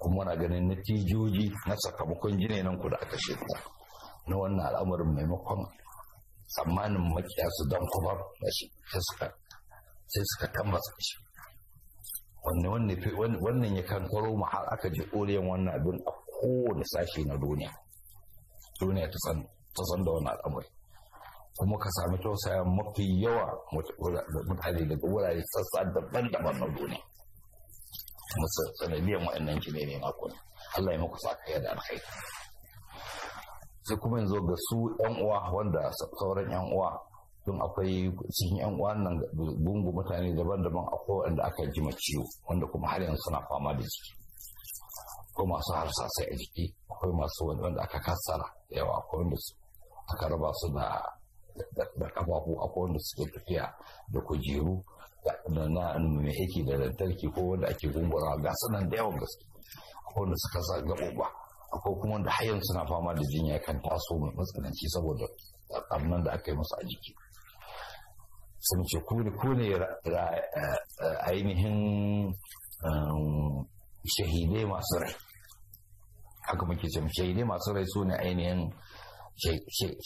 kuma muna ganin natijoji na sakamakon jine nan ku da aka shirya na wannan al'amarin maimakon tsammanin makiya su don kuma da shi sai suka tambasa shi wannan ya kankaro mu har aka ji ƙoriyan wannan abin a kowane sashi na duniya duniya ta san da wannan al'amari kuma ka sami tausaya mafi yawa mutane daga wurare sassa daban-daban na duniya musu sanadiyar wa'annan jini ne na kuma Allah ya muku sakaya da alkhairi sai kuma yanzu ga su yan uwa wanda sauran yan uwa don akwai cikin yan uwa nan gungu mutane daban-daban akwai wanda aka ji ciwo wanda kuma har yanzu suna fama da jiki akwai masu harsasai a jiki akwai masu wanda aka kasara yawa akwai wanda aka raba su da da kafafu a wanda suke tafiya da kujeru da na mai yake da lantarki ko wanda ake gungura ga nan da yawan gaske akwai wanda suka sa gaɓoɓa akwai kuma wanda har suna fama da jinya kan taso mai matsananci saboda ƙarnan da aka yi musu a jiki sun ce ku ne eh, ainihin eh, shahidai masu rai haka muke ce shahidai masu rai su ne ainihin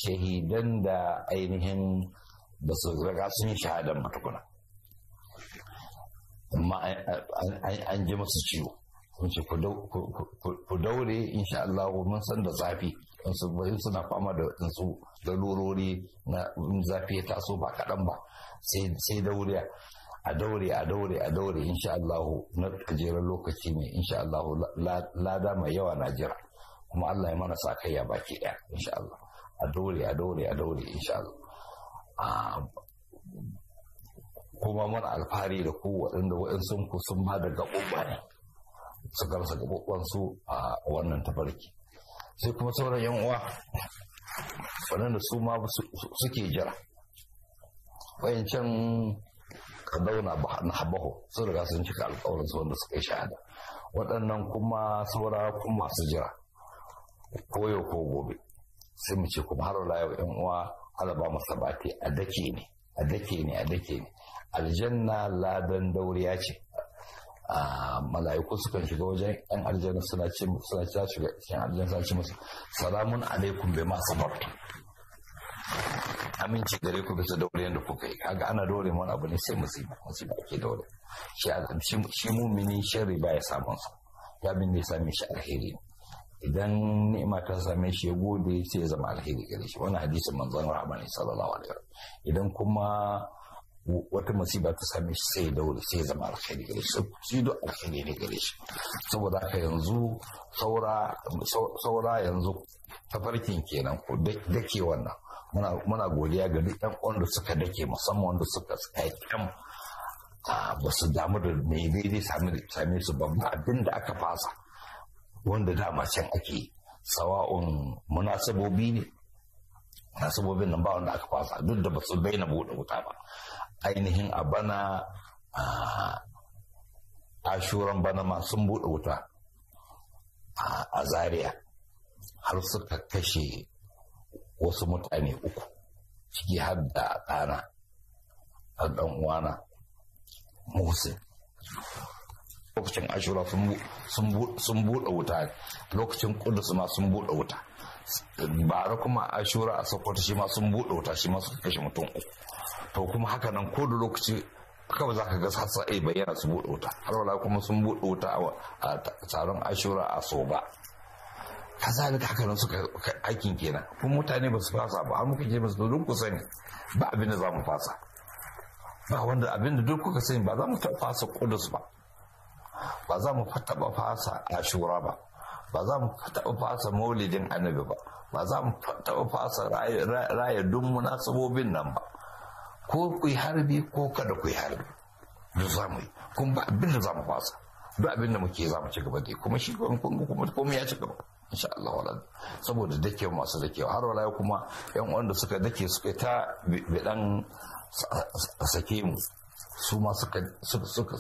shahidan da ainihin ba su raga sun yi shahadan ba tukuna amma an ji masu ciwo kun ce ku daure insha Allah mun san da zafi su bari suna fama da da lalurori na zafi ya taso ba kaɗan ba sai daure a daure a daure a daure insha Allah na gajeren lokaci ne insha Allah lada mai yawa na jira kuma Allah ya mana sa kai ya baki ɗaya insha Allah a dole a dole a dole insha Allah ah, kuma mana alfahari da ku waɗanda waɗansu ku sun ba da gaɓuɓɓa ne su gamsa gaɓuɓɓansu a wannan tabarki sai kuma sauran yan uwa waɗanda su ma suke jira ka kadauna na habaho sun riga sun cika alƙawarin su wanda suka yi shahada waɗannan kuma saura kuma masu jira koyo ko gobe sai mu ce kuma har wala yau yan uwa Allah ba mu sabati a dake ne a dake ne a dake ne aljanna ladan dauriya ce a mala'iku sukan shiga wajen yan aljanna suna ce suna ce shiga cikin aljanna suna ce musu salamun alaikum bai ma sabartu aminci gare ku bisa dauriyan da kuka yi kaga ana dore mana abu ne sai musiba musiba ake dore shi mumini sharri ba ya samun su ya bin ne sami shi alheri ne idan ni'ima ta same shi ya gode sai ya zama alheri gare shi wannan hadisin manzon rahman sallallahu alaihi idan kuma wata masiba ta same shi sai ya daure sai zama alheri gare shi shi duk alheri ne gare shi saboda haka yanzu saura yanzu tafarkin kenan ko dake wannan muna godiya ga duk yan uwan da suka dake musamman wanda suka tsaya kyan ah, ba su damu da me dai sami su babba abin da aka fasa wanda dama can ake sawa'un munasabobi ne munasabobin nan ba wanda aka fasa duk da basu su daina buɗe wuta ba ainihin a bana ashuran bana ma sun buɗe wuta a zaria har suka kashe wasu mutane uku ciki har da ɗana ɗan uwana musin lokacin ashura sun buɗe wuta lokacin kudus ma sun buɗe wuta bara kuma ashura a sokoto shi ma sun buɗe wuta shi ma suka kashe mutum uku to kuma haka nan ko da lokaci kawai za ka ga sassa a bayyana su buɗe wuta har wala kuma sun buɗe wuta a taron ashura a so ba ka kazalika haka nan suka aikin kenan kuma mutane ba su fasa ba har muka je masu dodon ku sani ba abin da za mu fasa ba wanda abin da duk kuka sani ba za mu fasa kudus ba ba za mu taɓa fasa ashura ba ba za mu taɓa fasa maulidin annabi ba ba za mu taɓa fasa raya dun munasabobin nan ba ko ku harbi ko kada ku harbi da za mu yi kuma ba abin da za mu fasa duk abin da muke za mu ci gaba da kuma shi kuma kuma ya ci gaba insha Allah wala saboda dake masu dake har wala kuma yan wanda suka dake suka ta bidan sake mu su ma suka suka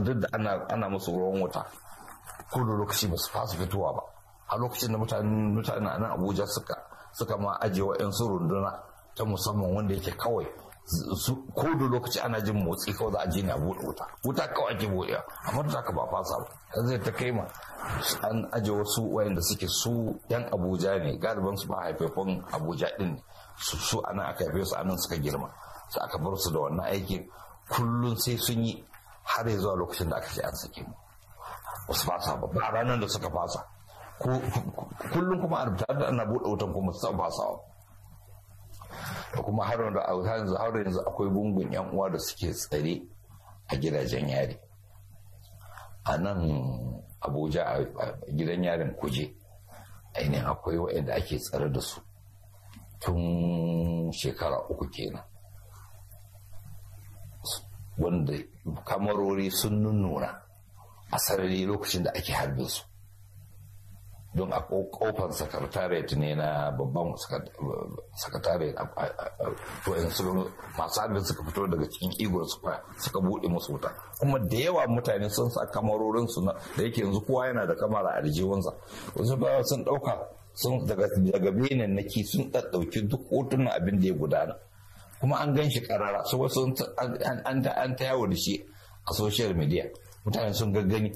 duk da ana ana musu ruwan wuta ko da lokaci ba su fasa fitowa ba a lokacin da mutane a nan Abuja suka suka ma 'yan su runduna ta musamman wanda yake kawai ko da lokaci ana jin motsi kawai za a je na buɗe wuta wuta kawai ake buɗe amma da ka ba fasa ba zai ta kai ma an ajiye wasu wayanda suke su yan abuja ne galiban su ba haifafin abuja din su su anan aka haife su anan suka girma su aka bar su da wannan aikin kullum sai sun yi har zuwa lokacin da aka ce an sake mu wasu ba ba ba ranar da suka fasa kullum kuma a rubuta ana buɗe wutan kuma su fasa ba da kuma har yanzu har yanzu akwai gungun yan uwa da suke tsare a gidajen yari a nan abuja a gidan yarin kuje ainihin akwai waɗanda ake tsare da su tun shekara uku kenan wanda kamarori sun nunnuna a sarari lokacin da ake harbin su don a kofar sakatariyar ne na babban sakatariat masu harbin suka fito daga cikin igor suka buɗe musu wuta kuma da yawa mutane sun sa kamarorin su da yake yanzu kowa yana da kamara a rijiwansa wasu sun ɗauka sun daga benin naki sun ɗauki duk hotunan abin da ya gudana kuma an gan shi karara su wasu an ta yawo da shi a social media mutane sun gaggani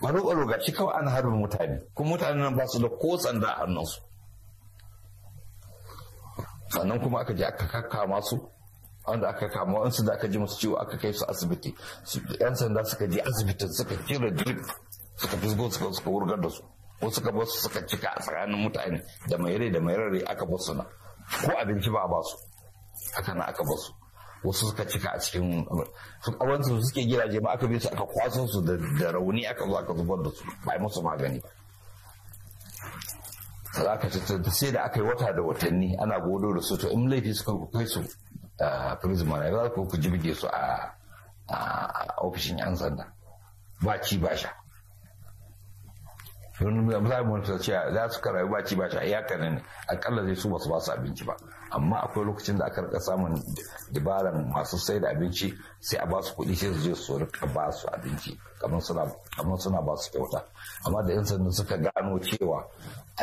baro ƙwaro ga shi kawai an harbin mutane kuma mutanen nan ba su da ko sanda a hannunsu sannan kuma aka je aka kakkama su wanda aka kama wa'ansu da aka ji musu ciwo aka kai su asibiti yan sanda suka je asibitin suka cire drip suka fisgo suka suka wurgar da su ko suka basu suka cika a tsakanin mutane da mai rai da mai rarrai aka basu na ko abinci ba a basu haka na aka basu wasu suka cika a cikin auren su suke gidaje ma aka bi su aka kwaso su da rauni aka zo aka zubar da su ba yi musu magani ba sai da aka yi wata da watanni ana godo da su to in laifi suka kai su prisma na za ku jibge su a ofishin yan sanda ba ci ba sha sun misali mun ta ce za su karayu ba ci ba sha iyaka ne akalla zai su ba su ba su abinci ba amma akwai lokacin da aka rika samun dabaran masu sai da abinci sai a basu kuɗi sai su je su rika ba su abinci kamar suna basu kyauta amma da yan sanda suka gano cewa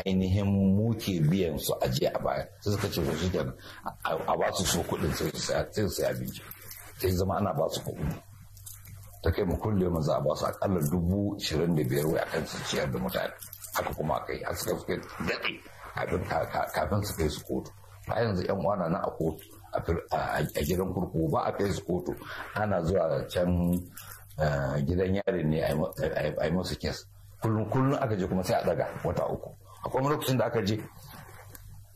ainihin muke biyan su a je a baya sai suka ce su a ba su kudin sai su sai abinci sai zama ana ba su kuɗi ta kai mu kulle za a ba su akalla dubu shirin da biyar wai akan su ciyar da mutane haka kuma a kai a suka suka daɗe kafin su kai su kotu a yanzu yan uwana na a kotu a gidan kurkuku ba a kai su kotu ana zuwa can eh, gidan yari ne a yi musu kes kullum kullum aka je kuma sai a daga wata uku akwai lokacin da aka je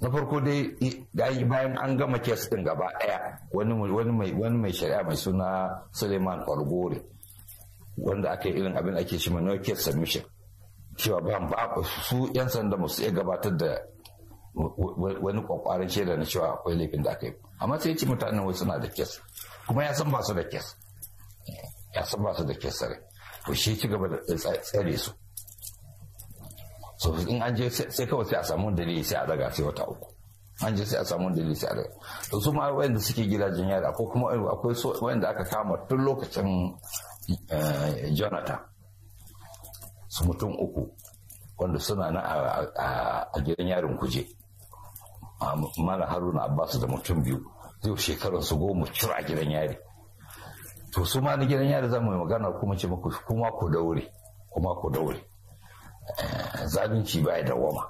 na farko dai bayan an gama kes din gaba daya wani mai shari'a mai suna suleiman kwargore wanda aka yi irin abin ake shi mai no case submission cewa ba su yan sanda musu iya gabatar da wani kwakwaran shaida na cewa akwai laifin da aka yi amma sai ce mutanen wasu suna da kes kuma ya san ba su da kes ya san ba su da kes sare to shi ci gaba da tsare su so in an je sai kawai sai a samu dalili sai a daga sai wata uku an je sai a samu dalili sai a daga to su ma wayanda suke gidajen yari ko kuma akwai wayanda aka kama tun lokacin eh, jonathan su mutum uku wanda suna na a gidan yarin kuje Mana haruna abbasu da mutum biyu zai shekarun su goma cura a gidan yari to su ma na gidan yari za mu yi magana kuma ce muku kuma ku daure kuma ku daure eh, zalunci baya da wama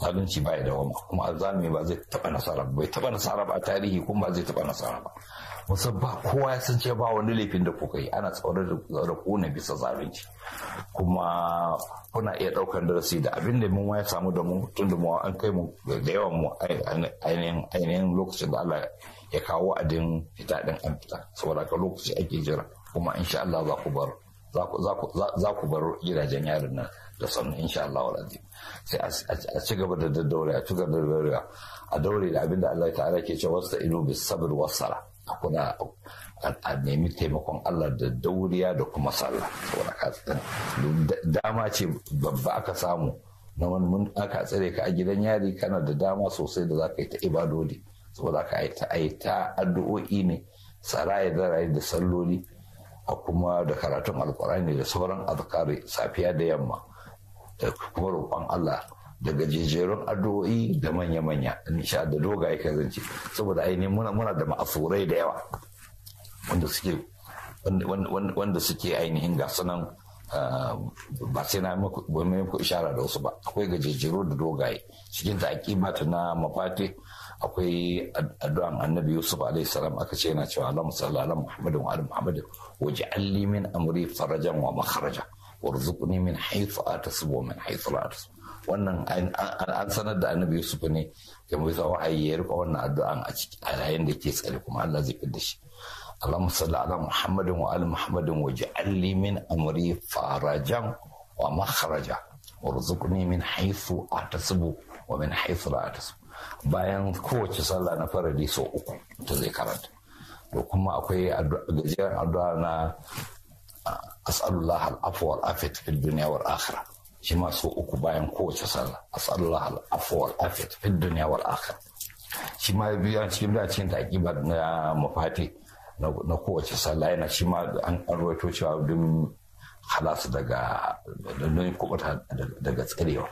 zalunci baya da wama kuma azami ba zai taba nasara ba bai taba nasara ba tarihi kuma ba zai taba nasara ba kusan ba kowa ya san ce ba wani laifin da kuka yi ana tsaurar da kone bisa zalunci kuma kuna iya daukar darasi da abin da mun ya samu da mu tun da an kai mu da yawan mu ainihin lokacin da Allah ya kawo adin fita din an fita saboda ka lokaci ake jira kuma insha Allah za ku bar za ku bar gidajen yarin nan da sannu insha Allah wa sai a ci gaba da daddaure a ci gaba da daddaure a daure da abin da Allah ta'ala ke cewa wasta ilu bis sabr wasara kuna a nemi taimakon Allah da dauriya da kuma sallah dama ce babba aka samu na wani mun aka tsare ka a gidan yari kana da dama sosai da za ka yi ta ibadodi saboda ka yi ta addu'o'i ne saraye da raye da salloli a kuma da karatun alkurani da sauran azkari safiya da yamma da kuma roƙon Allah da gajejerun addu'o'i da manya-manya in sha da dogaye kai zance saboda ainihin muna muna da ma'asurai da yawa wanda suke wanda suke ainihin ga sunan ah, ba sai na muku ishara da wasu ba akwai gajejeru da dogaye cikin ta akibata na mafati akwai addu'an annabi yusuf alaihi salam aka ce yana cewa allahumma salli ala muhammadin wa ala muhammadin waj'al li min amri farajan wa makharaja warzuqni min haythu atasbu wa min haythu la atasbu wannan an sanar da annabi yusuf ne ya mu zama ra'ayi ya rufe wannan addu'an a yayin da ke tsare kuma allah zai fidda shi allah musalla ala muhammadin wa al muhammadin wa ji'alli min amri farajan wa makharaja wa rizqni min a tasibu wa min haythu a tasibu. bayan kowace sallah na faradi so uku ta zai karanta da kuma akwai gajeren addu'a na as'alullah al-afwa wal-afiyat duniyawar dunya shi ma sau uku bayan kowace sallah a al'afu al'afuwar afiyat fi duniya wal akhir shi ma biyan cikin da cikin taqiba na mafati na kowace sallah yana shi ma an karwato cewa dun halasu daga don kubuta daga tsarewa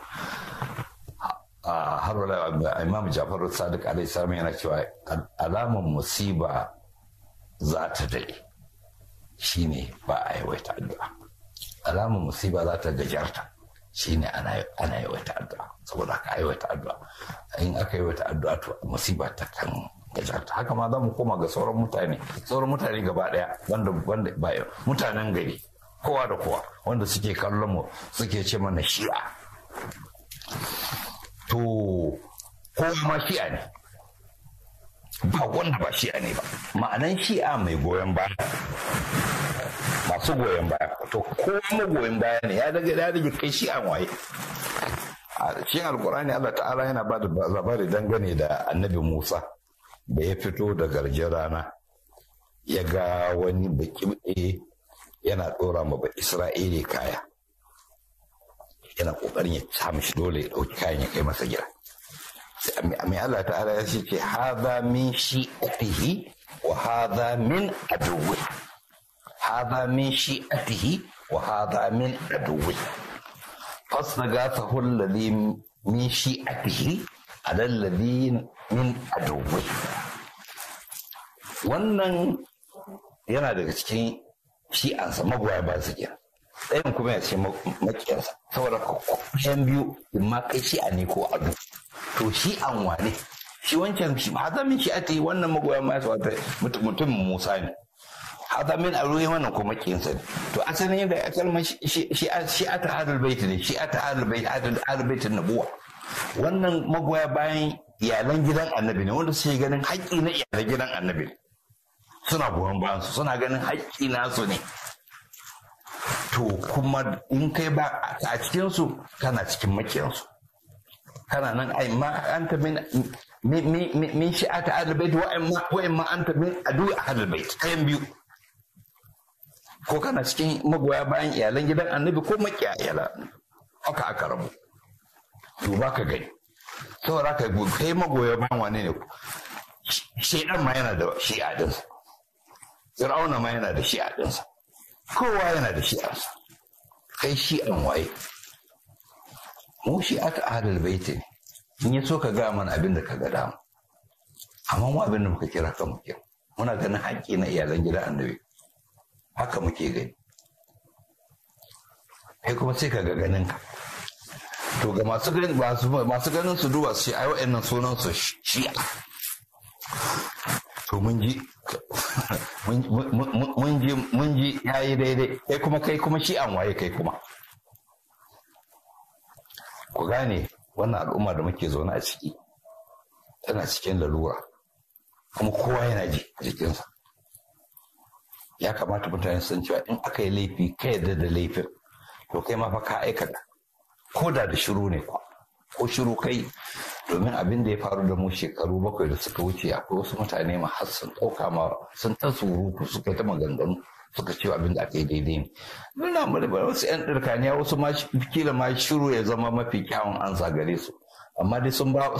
har wala imam jafar sadiq alaihi salam yana cewa alamun musiba za ta dai shine ba a yi yawaita addu'a Alamun musiba za ta gajarta Shi ana ana yawaita addu'a saboda aka yawaita addu'a in aka yawaita addu'a to musiba ta kan gajarta haka ma za mu koma ga sauran mutane sauran mutane gaba daya wanda wanda ba mutanen gari kowa da kowa wanda suke kallon mu suke ce mana shi'a to ko ma shi'a ne ba wanda ba shi'a ne ba ma'anan shi'a mai goyon baya masu goyon baya to kowa goyon baya ne ya daga ya daga kai shi'an waye shi alkur'ani Allah ta'ala yana ba da zabari dangane da annabi Musa da ya fito da garje rana ya ga wani baki yana ɗora ma ba Isra'ili kaya yana ƙoƙarin ya ci dole ya ɗauki kayan ya kai masa gida mai Allah ta'ala ya ce haza min shi shi'atihi wa haza min aduwi haza min shi shi'atihi wa haza min aduwi فاستغاثه الذي من شيعته على الذي min عدوه wannan yana daga cikin shi an shi'ansa magoya ba su kenan ɗayan kuma ya ce makiyarsa saboda yan biyu in ma kai shi shi'a ne ko a adu to shi an wane shi wancan shi hazamin shi yi wannan magoya ma su wata mutum musa ne zan a ruwa wannan kuma kinsa ne to asalin yadda asalin shi a ta hadal baiti ne shi a ta hadal baiti na buwa wannan magoya bayan iyalan gidan annabi ne wanda suke ganin haƙƙi na iyalan gidan annabi suna goyon bayan su suna ganin haƙƙi nasu ne to kuma in kai ba a cikinsu kana cikin makiyansu kana nan ai ma anta min min shi'ata ahlul bait wa imma wa an anta min adu ahlul kayan biyu ko kana cikin magoya bayan iyalan gidan annabi ko makiya iyala haka aka rabu ba ka gani saboda ka kai magoya bayan wane ne shaidan ma yana da shi a dinsa fir'auna ma yana da shi a dinsa kowa yana da shi a dinsa kai shi an waye mu shi aka adal baiti in ya so ka ga mana abin da ka ga damu amma mu abin da muka kira kan muke muna ganin haƙƙi na iyalan gida annabi haka muke gani kai kuma sai ka ga ganin ka to ga masu ganin masu ganin su duba su ai wa'annan sunan su shi to mun ji mun ji mun ji yayi daidai kai kuma kai kuma shi an waye kai kuma ku gane wannan al'umma da muke zaune a ciki tana cikin lalura kuma kowa yana ji a jikinsa ya kamata mutane san cewa in aka yi laifi ka yadda da laifin to kai ma fa ka aikata ko da da shiru ne ko ko shiru kai domin abin da ya faru da mu shekaru bakwai da suka wuce akwai wasu mutane ma har sun ɗauka ma sun ta surutu suka ta maganganu suka ce abin da aka yi daidai ne nuna mulmul wasu yan ɗirkaniya wasu ma kila ma shiru ya zama mafi kyawun ansa gare su amma dai sun ba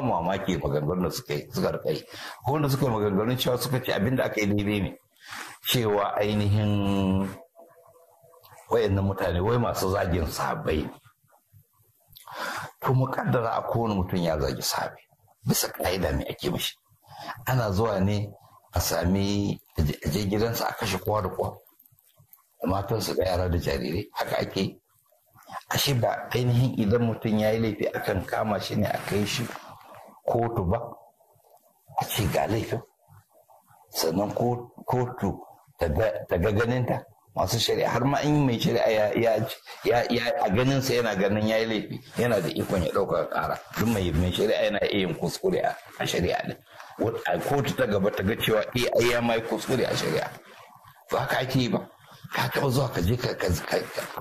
mu mamaki maganganun da suka yi. suka rika yi ko wanda suka maganganun cewa suka ce abin da aka yi daidai ne cewa ainihin wayannan mutane wai masu zagin sahabbai to muƙaddara a kowane mutum ya zagi sahabi bisa kaida mai ake mashi. ana zuwa ne a sami je gidansa a kashe kowa da kowa matansa da yara da jarirai haka ake ashe ba ainihin idan mutum ya yi laifi akan kama shi ne a kai shi kotu ba a ce ga laifin sannan kotu daga ganinta masu shari'a har ma in mai shari'a ya a ganinsa yana ganin ya yi laifi yana da ikon ya ɗauka ƙara duk mai shari'a yana iya yin kuskure a shari'a ne a kotu ta gaba ta ga cewa eh, ai ya mai kuskure a shari'a ba haka ake ba ka taɓa zuwa ka je ka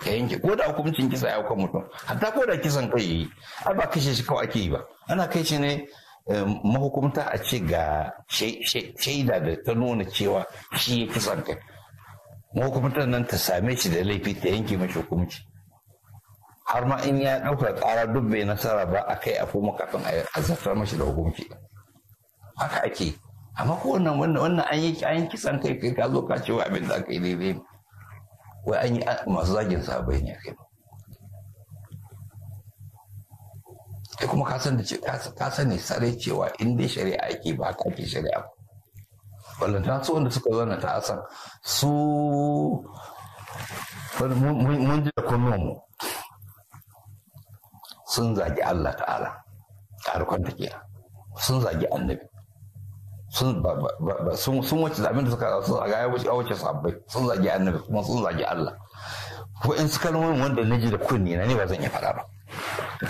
yanke ko da hukuncin kisa ya kan mutum hatta ko da kisan kai yi ai ba kashe shi kawai ake yi ba ana kai shi ne eh, mahukumta a ce ga shaida da ta nuna cewa shi ya kisan kai mahukumtar nan ta same shi da laifi ta yanke mashi hukunci har ma in ya ɗauka ƙara duk bai nasara ba a kai a kuma kafin a zartar mashi da hukunci haka ake amma ko wannan wannan wannan an yi an kisan kai kai ka zo ka ce wa abin da aka yi daidai ne wai an yi masu zagin sahabbai ne kai kai kuma ka san da ce ka sani sarai cewa in dai shari'a ake ba ka ke shari'a ba wannan ta su wanda suka zauna ta asan su mun ji da kunnuwan mu sun zagi Allah ta'ala a harkar da sun zagi annabi sun wuce abin da suka sun zaga ya wuce a wuce sabbai sun zagi annabi kuma sun zagi Allah ko in suka kalmomin wanda na ji da kunni na ne ba zan yi faɗa ba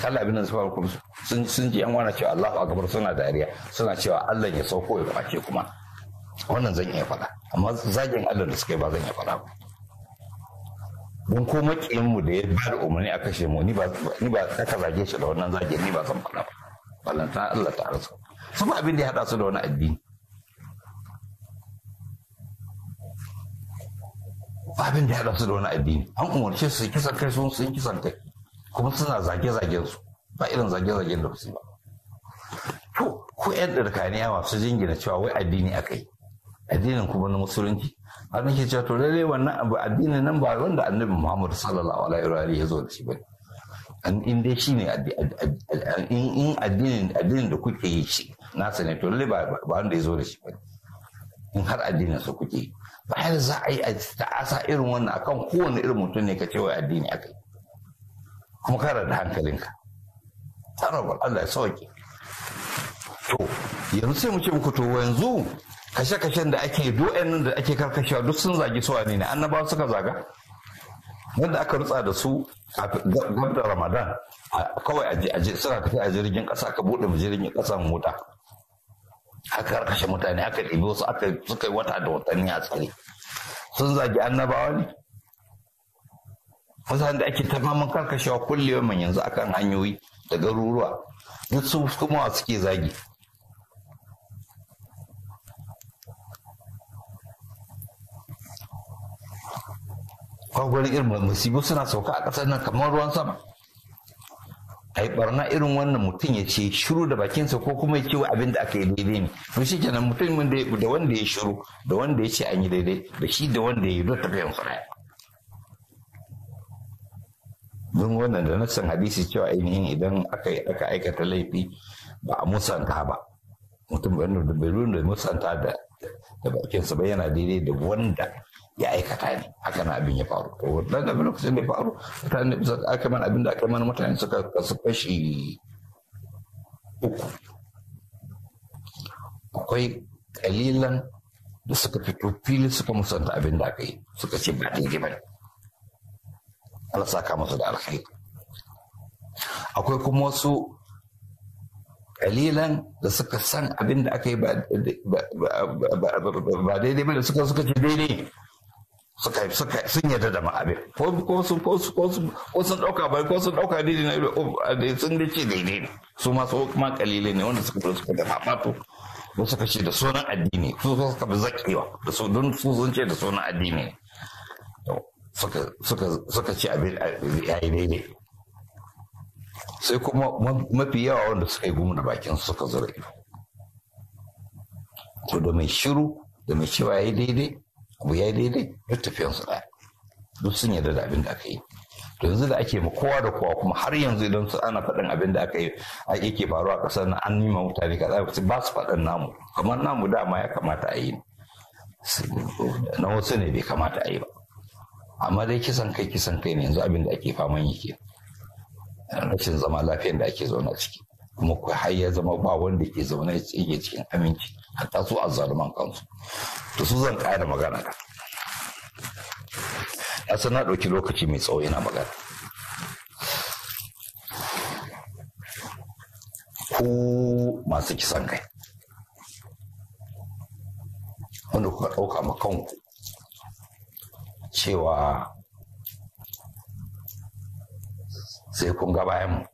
Allah abin da su faru sun sun ji an wana cewa Allahu akbar suna dariya suna cewa Allah ya sauko ya kwace kuma wannan zan iya faɗa amma zagin Allah da suka yi ba zan iya faɗa ba Mun ko makiyin mu da ya ba da umarni a kashe mu ni ba ni ba aka zage shi da wannan zagin ni ba zan faɗa ba ballanta Allah ta arsa su abin da ya hada su da wani addini abin da ya ɗansu da wani addini an umarce su kisan kai sun sun kisan kai kuma suna zage-zagen su ba irin zage-zagen da su ba to ko yan ɗarkaniya masu jingina cewa wai addini a kai addinin kuma na musulunci har nake cewa to lalle wannan abu addinin nan ba wanda annabi muhammadu sallallahu alaihi wa alihi ya zo da shi ba. in dai shi ne in addinin da kuke yi shi nasa ne to lalle ba wanda ya zo da shi ba. in har addinin su kuke yi Bayan za a yi a ta'asa irin wannan akan kowane irin mutum ne ka ce wai addini kai kuma kara da hankalinka ba Allah ya sauke to yanzu sai mu ce muku to yanzu kashe-kashen da ake nan da ake karkashewa duk sun zagi suwa ne annabawa suka zaga wanda aka rutsa da su a gab ramadan kawai suna tafi a jirgin kasa aka buɗe jirgin kasan mota aka karkashe mutane aka ɗibi wasu aka suka yi wata da watanni a tsare sun zagi annabawa ne wasu da ake tamamin karkashewa kullewa man yanzu akan hanyoyi da garuruwa duk su kuma suke zagi kwagwar irin musibu suna sauka a ƙasar nan kamar ruwan sama a yi barna irin wannan mutum ya ce shiru da bakinsa ko kuma ya cewa abin da aka yi daidai ne to shi kenan mutum da wanda ya shiru da wanda ya ce an yi daidai da shi da wanda ya yi dota bayan kuraya don wannan da nassan hadisi cewa ainihin idan aka aikata laifi ba a musanta ba mutum bai da bai da musanta da bakinsa ba yana daidai da wanda ya aikata ne haka na abin ya faru to dan da lokacin da faru mutane aka mana abin da aka mana mutane suka kasu kashi uku akwai kalilan da suka fito fili suka musanta abin da aka yi suka ce ba daidai ba ne Allah saka musu da alkhairi akwai kuma wasu kalilan da suka san abin da aka yi ba daidai ba da suka suka ce daidai suka suka sun yarda da ma'abe ko ko su ko su ko su ko sun dauka bai ko sun dauka daidai na sun da ce daidai ne su ma su ma kalilai ne wanda suka suka da mafato ko suka ce da sunan addini su suka bi zakewa da su don su sun ce da sunan addini suka suka suka ce abin yayi daidai sai kuma mafi yawa wanda suka yi gumu da bakin suka zura ido to da mai shiru da mai cewa yayi daidai abu daidai duk tafiyan su ɗaya duk sun yarda da abin da aka yi to yanzu da ake ma kowa da kowa kuma har yanzu idan su ana faɗin abin da aka yi yake faruwa a ƙasar nan an nima mutane kaza ba su faɗin namu kamar namu dama ya kamata a yi na wasu ne bai kamata a yi ba amma dai kisan kai kisan kai ne yanzu abin da ake faman yi ke rashin zama lafiyan da ake zauna ciki kuma kai har ya zama ba wanda ke zaune cikin cikin aminci hatta su azzaluman kansu to su zan da magana ka na san na ɗauki lokaci mai tsawo yana magana ku masu kisan kai wanda kuka ɗauka ma kanku cewa sai kun ga bayan mu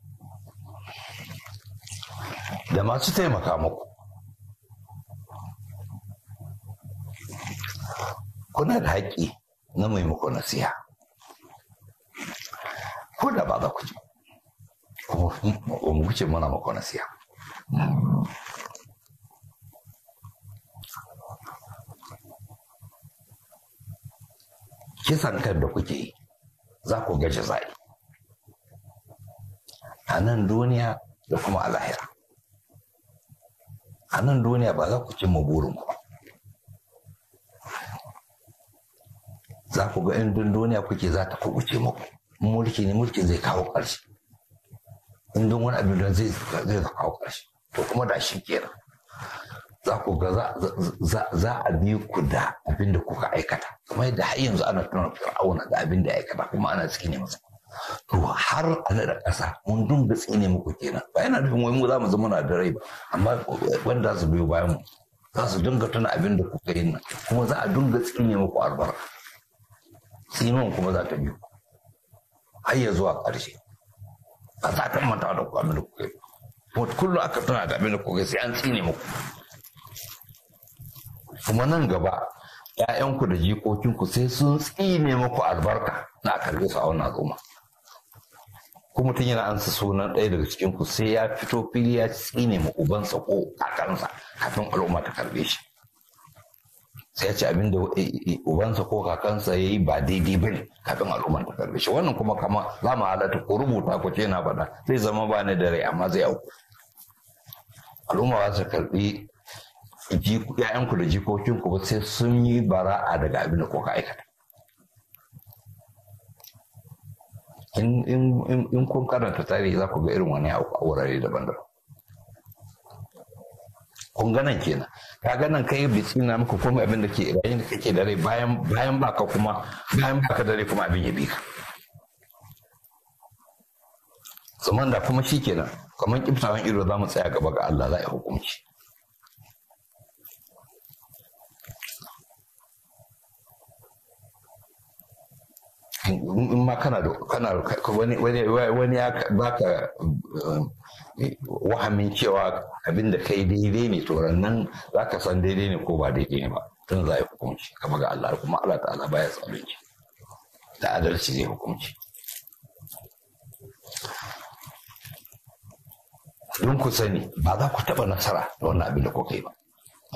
da masu taimaka muku kuna da haƙƙi na maimako nasiha ko da ba za ku ci, kuma kuce mana mako nasiha kisan kan da kuke yi za ku gaji zai a nan duniya da kuma a lahira a nan duniya ba za ku cimma burin ku ba za ku ga in duniya kuke za ta kubuce muku mulki ne mulkin zai kawo ƙarshe in dun wani abin da zai zai kawo ƙarshe to kuma da shi kenan za ku ga za a bi ku da abin da kuka aikata kuma yadda har yanzu ana tunanin fir'auna da abin da ya aikata kuma ana cikin ne masa to har a da ƙasa mun dumbatsi ne muku kenan ba yana nufin wai mu za mu zama na da rai ba amma wanda za su biyo bayan mu za su dinga tuna abin da kuka yi nan kuma za a dinga tsine muku albarka tsinon kuma za ta biyo har ya zuwa ƙarshe ba za ta manta da kuka abin da kuka yi kuma kullum aka tuna da abin da kuka yi sai an tsine muku kuma nan gaba ‘ya'yanku da jikokinku sai sun tsine muku albarka na karbe su a wannan Kuma tun yana ansa suna ɗaya daga cikin ku sai ya fito fili ya tsine ma ubansa ko kakansa kafin al'umma ta karbe shi sai ya ce abin da eh, eh, eh, ubansa ko kakansa ya yi ba daidai ba ne kafin al'umma ta karbe shi wannan kuma kama za mu halatta ko rubuta ko ce na faɗa zai zama ba ni da rai amma zai auku al'umma ba su karbi ‘ya'yanku da jikokinku ba sai sun yi bara'a daga abin da kuka aikata in kun karanta tarihi za ku ga irin wani a wurare daban-daban kun ganan kenan ka ganan kai bitsi na muku komai abin da ke yayin da kake da rai bayan bayan baka kuma bayan baka da rai kuma abin ya bi ka zaman da kuma shikenan kamar kiftawan ido za mu tsaya gaba ga Allah za a hukunci in ma kana kana wani wani ya baka um, wahamin cewa abin da kai daidai ne to nan za ka san daidai ne ko ba daidai ne ba tun za yi hukunci kama ga Allah kuma Allah ta'ala baya zalunci da adalci zai hukunci don ku sani ba za ku taɓa nasara da wannan abin da kuka yi ba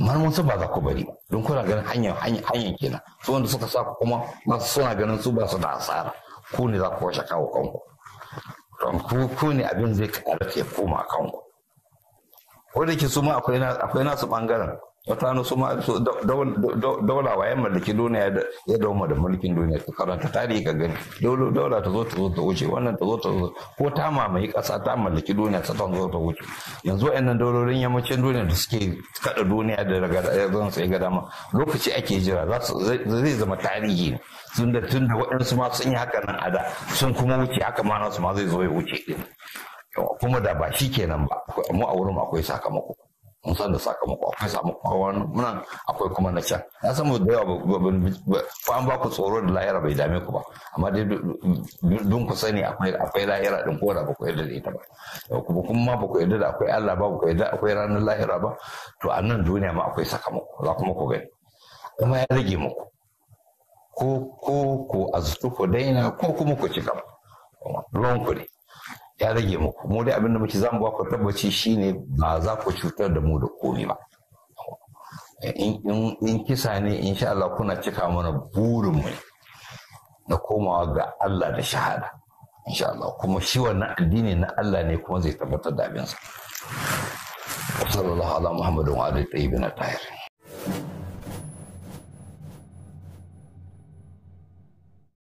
amma mun ba za ku bari don kuna ganin hanyar hanyar kenan su wanda suka sa ku kuma ba suna ganin su ba su da asara ku ne za ku washe kawo kanku don ku ne abin zai da ke koma kanku ko da ke su ma akwai nasu bangaren tsakanin su ma daula wa da mallaki duniya ya dauma da mulkin duniya ta karanta tarihi ka gani daula ta zo ta zo ta wuce wannan ta zo ta zo ko ta mamaye kasa ta mallaki duniya ta zo ta wuce yanzu nan daularin yammacin duniya da suke kaɗa duniya da zan sai ga dama lokaci ake jira zai zama tarihi ne tun da tun da waɗansu ma sun yi haka nan a da sun kuma wuce haka ma nasu ma zai zo ya wuce kuma da ba shi kenan ba mu a wurin akwai sakamako mun san da sakamako akwai sakamakon muna akwai kuma na can na san da yawa ba ba ku tsoro da lahira bai dame ku ba amma dai dun ku sani akwai lahira din ko da ba da ita ba kuma kuma ba ku da akwai Allah ba ku yarda akwai ranar lahira ba to a nan duniya ma akwai sakamako za kuma ku gani kuma ya rage muku ko ko ko azutu ku daina ko kuma ku ci gaba ku ne ya rage muku mu dai abin da muke zamu ba ku tabbaci shine ba za ku cutar da mu da komai ba in kisa ne insha Allah kuna cika mana burin mu na komawa ga Allah da shahada insha Allah kuma shi wannan addini na Allah ne kuma zai tabbatar da abin sa sallallahu ala muhammadin wa alihi tayyibin tahir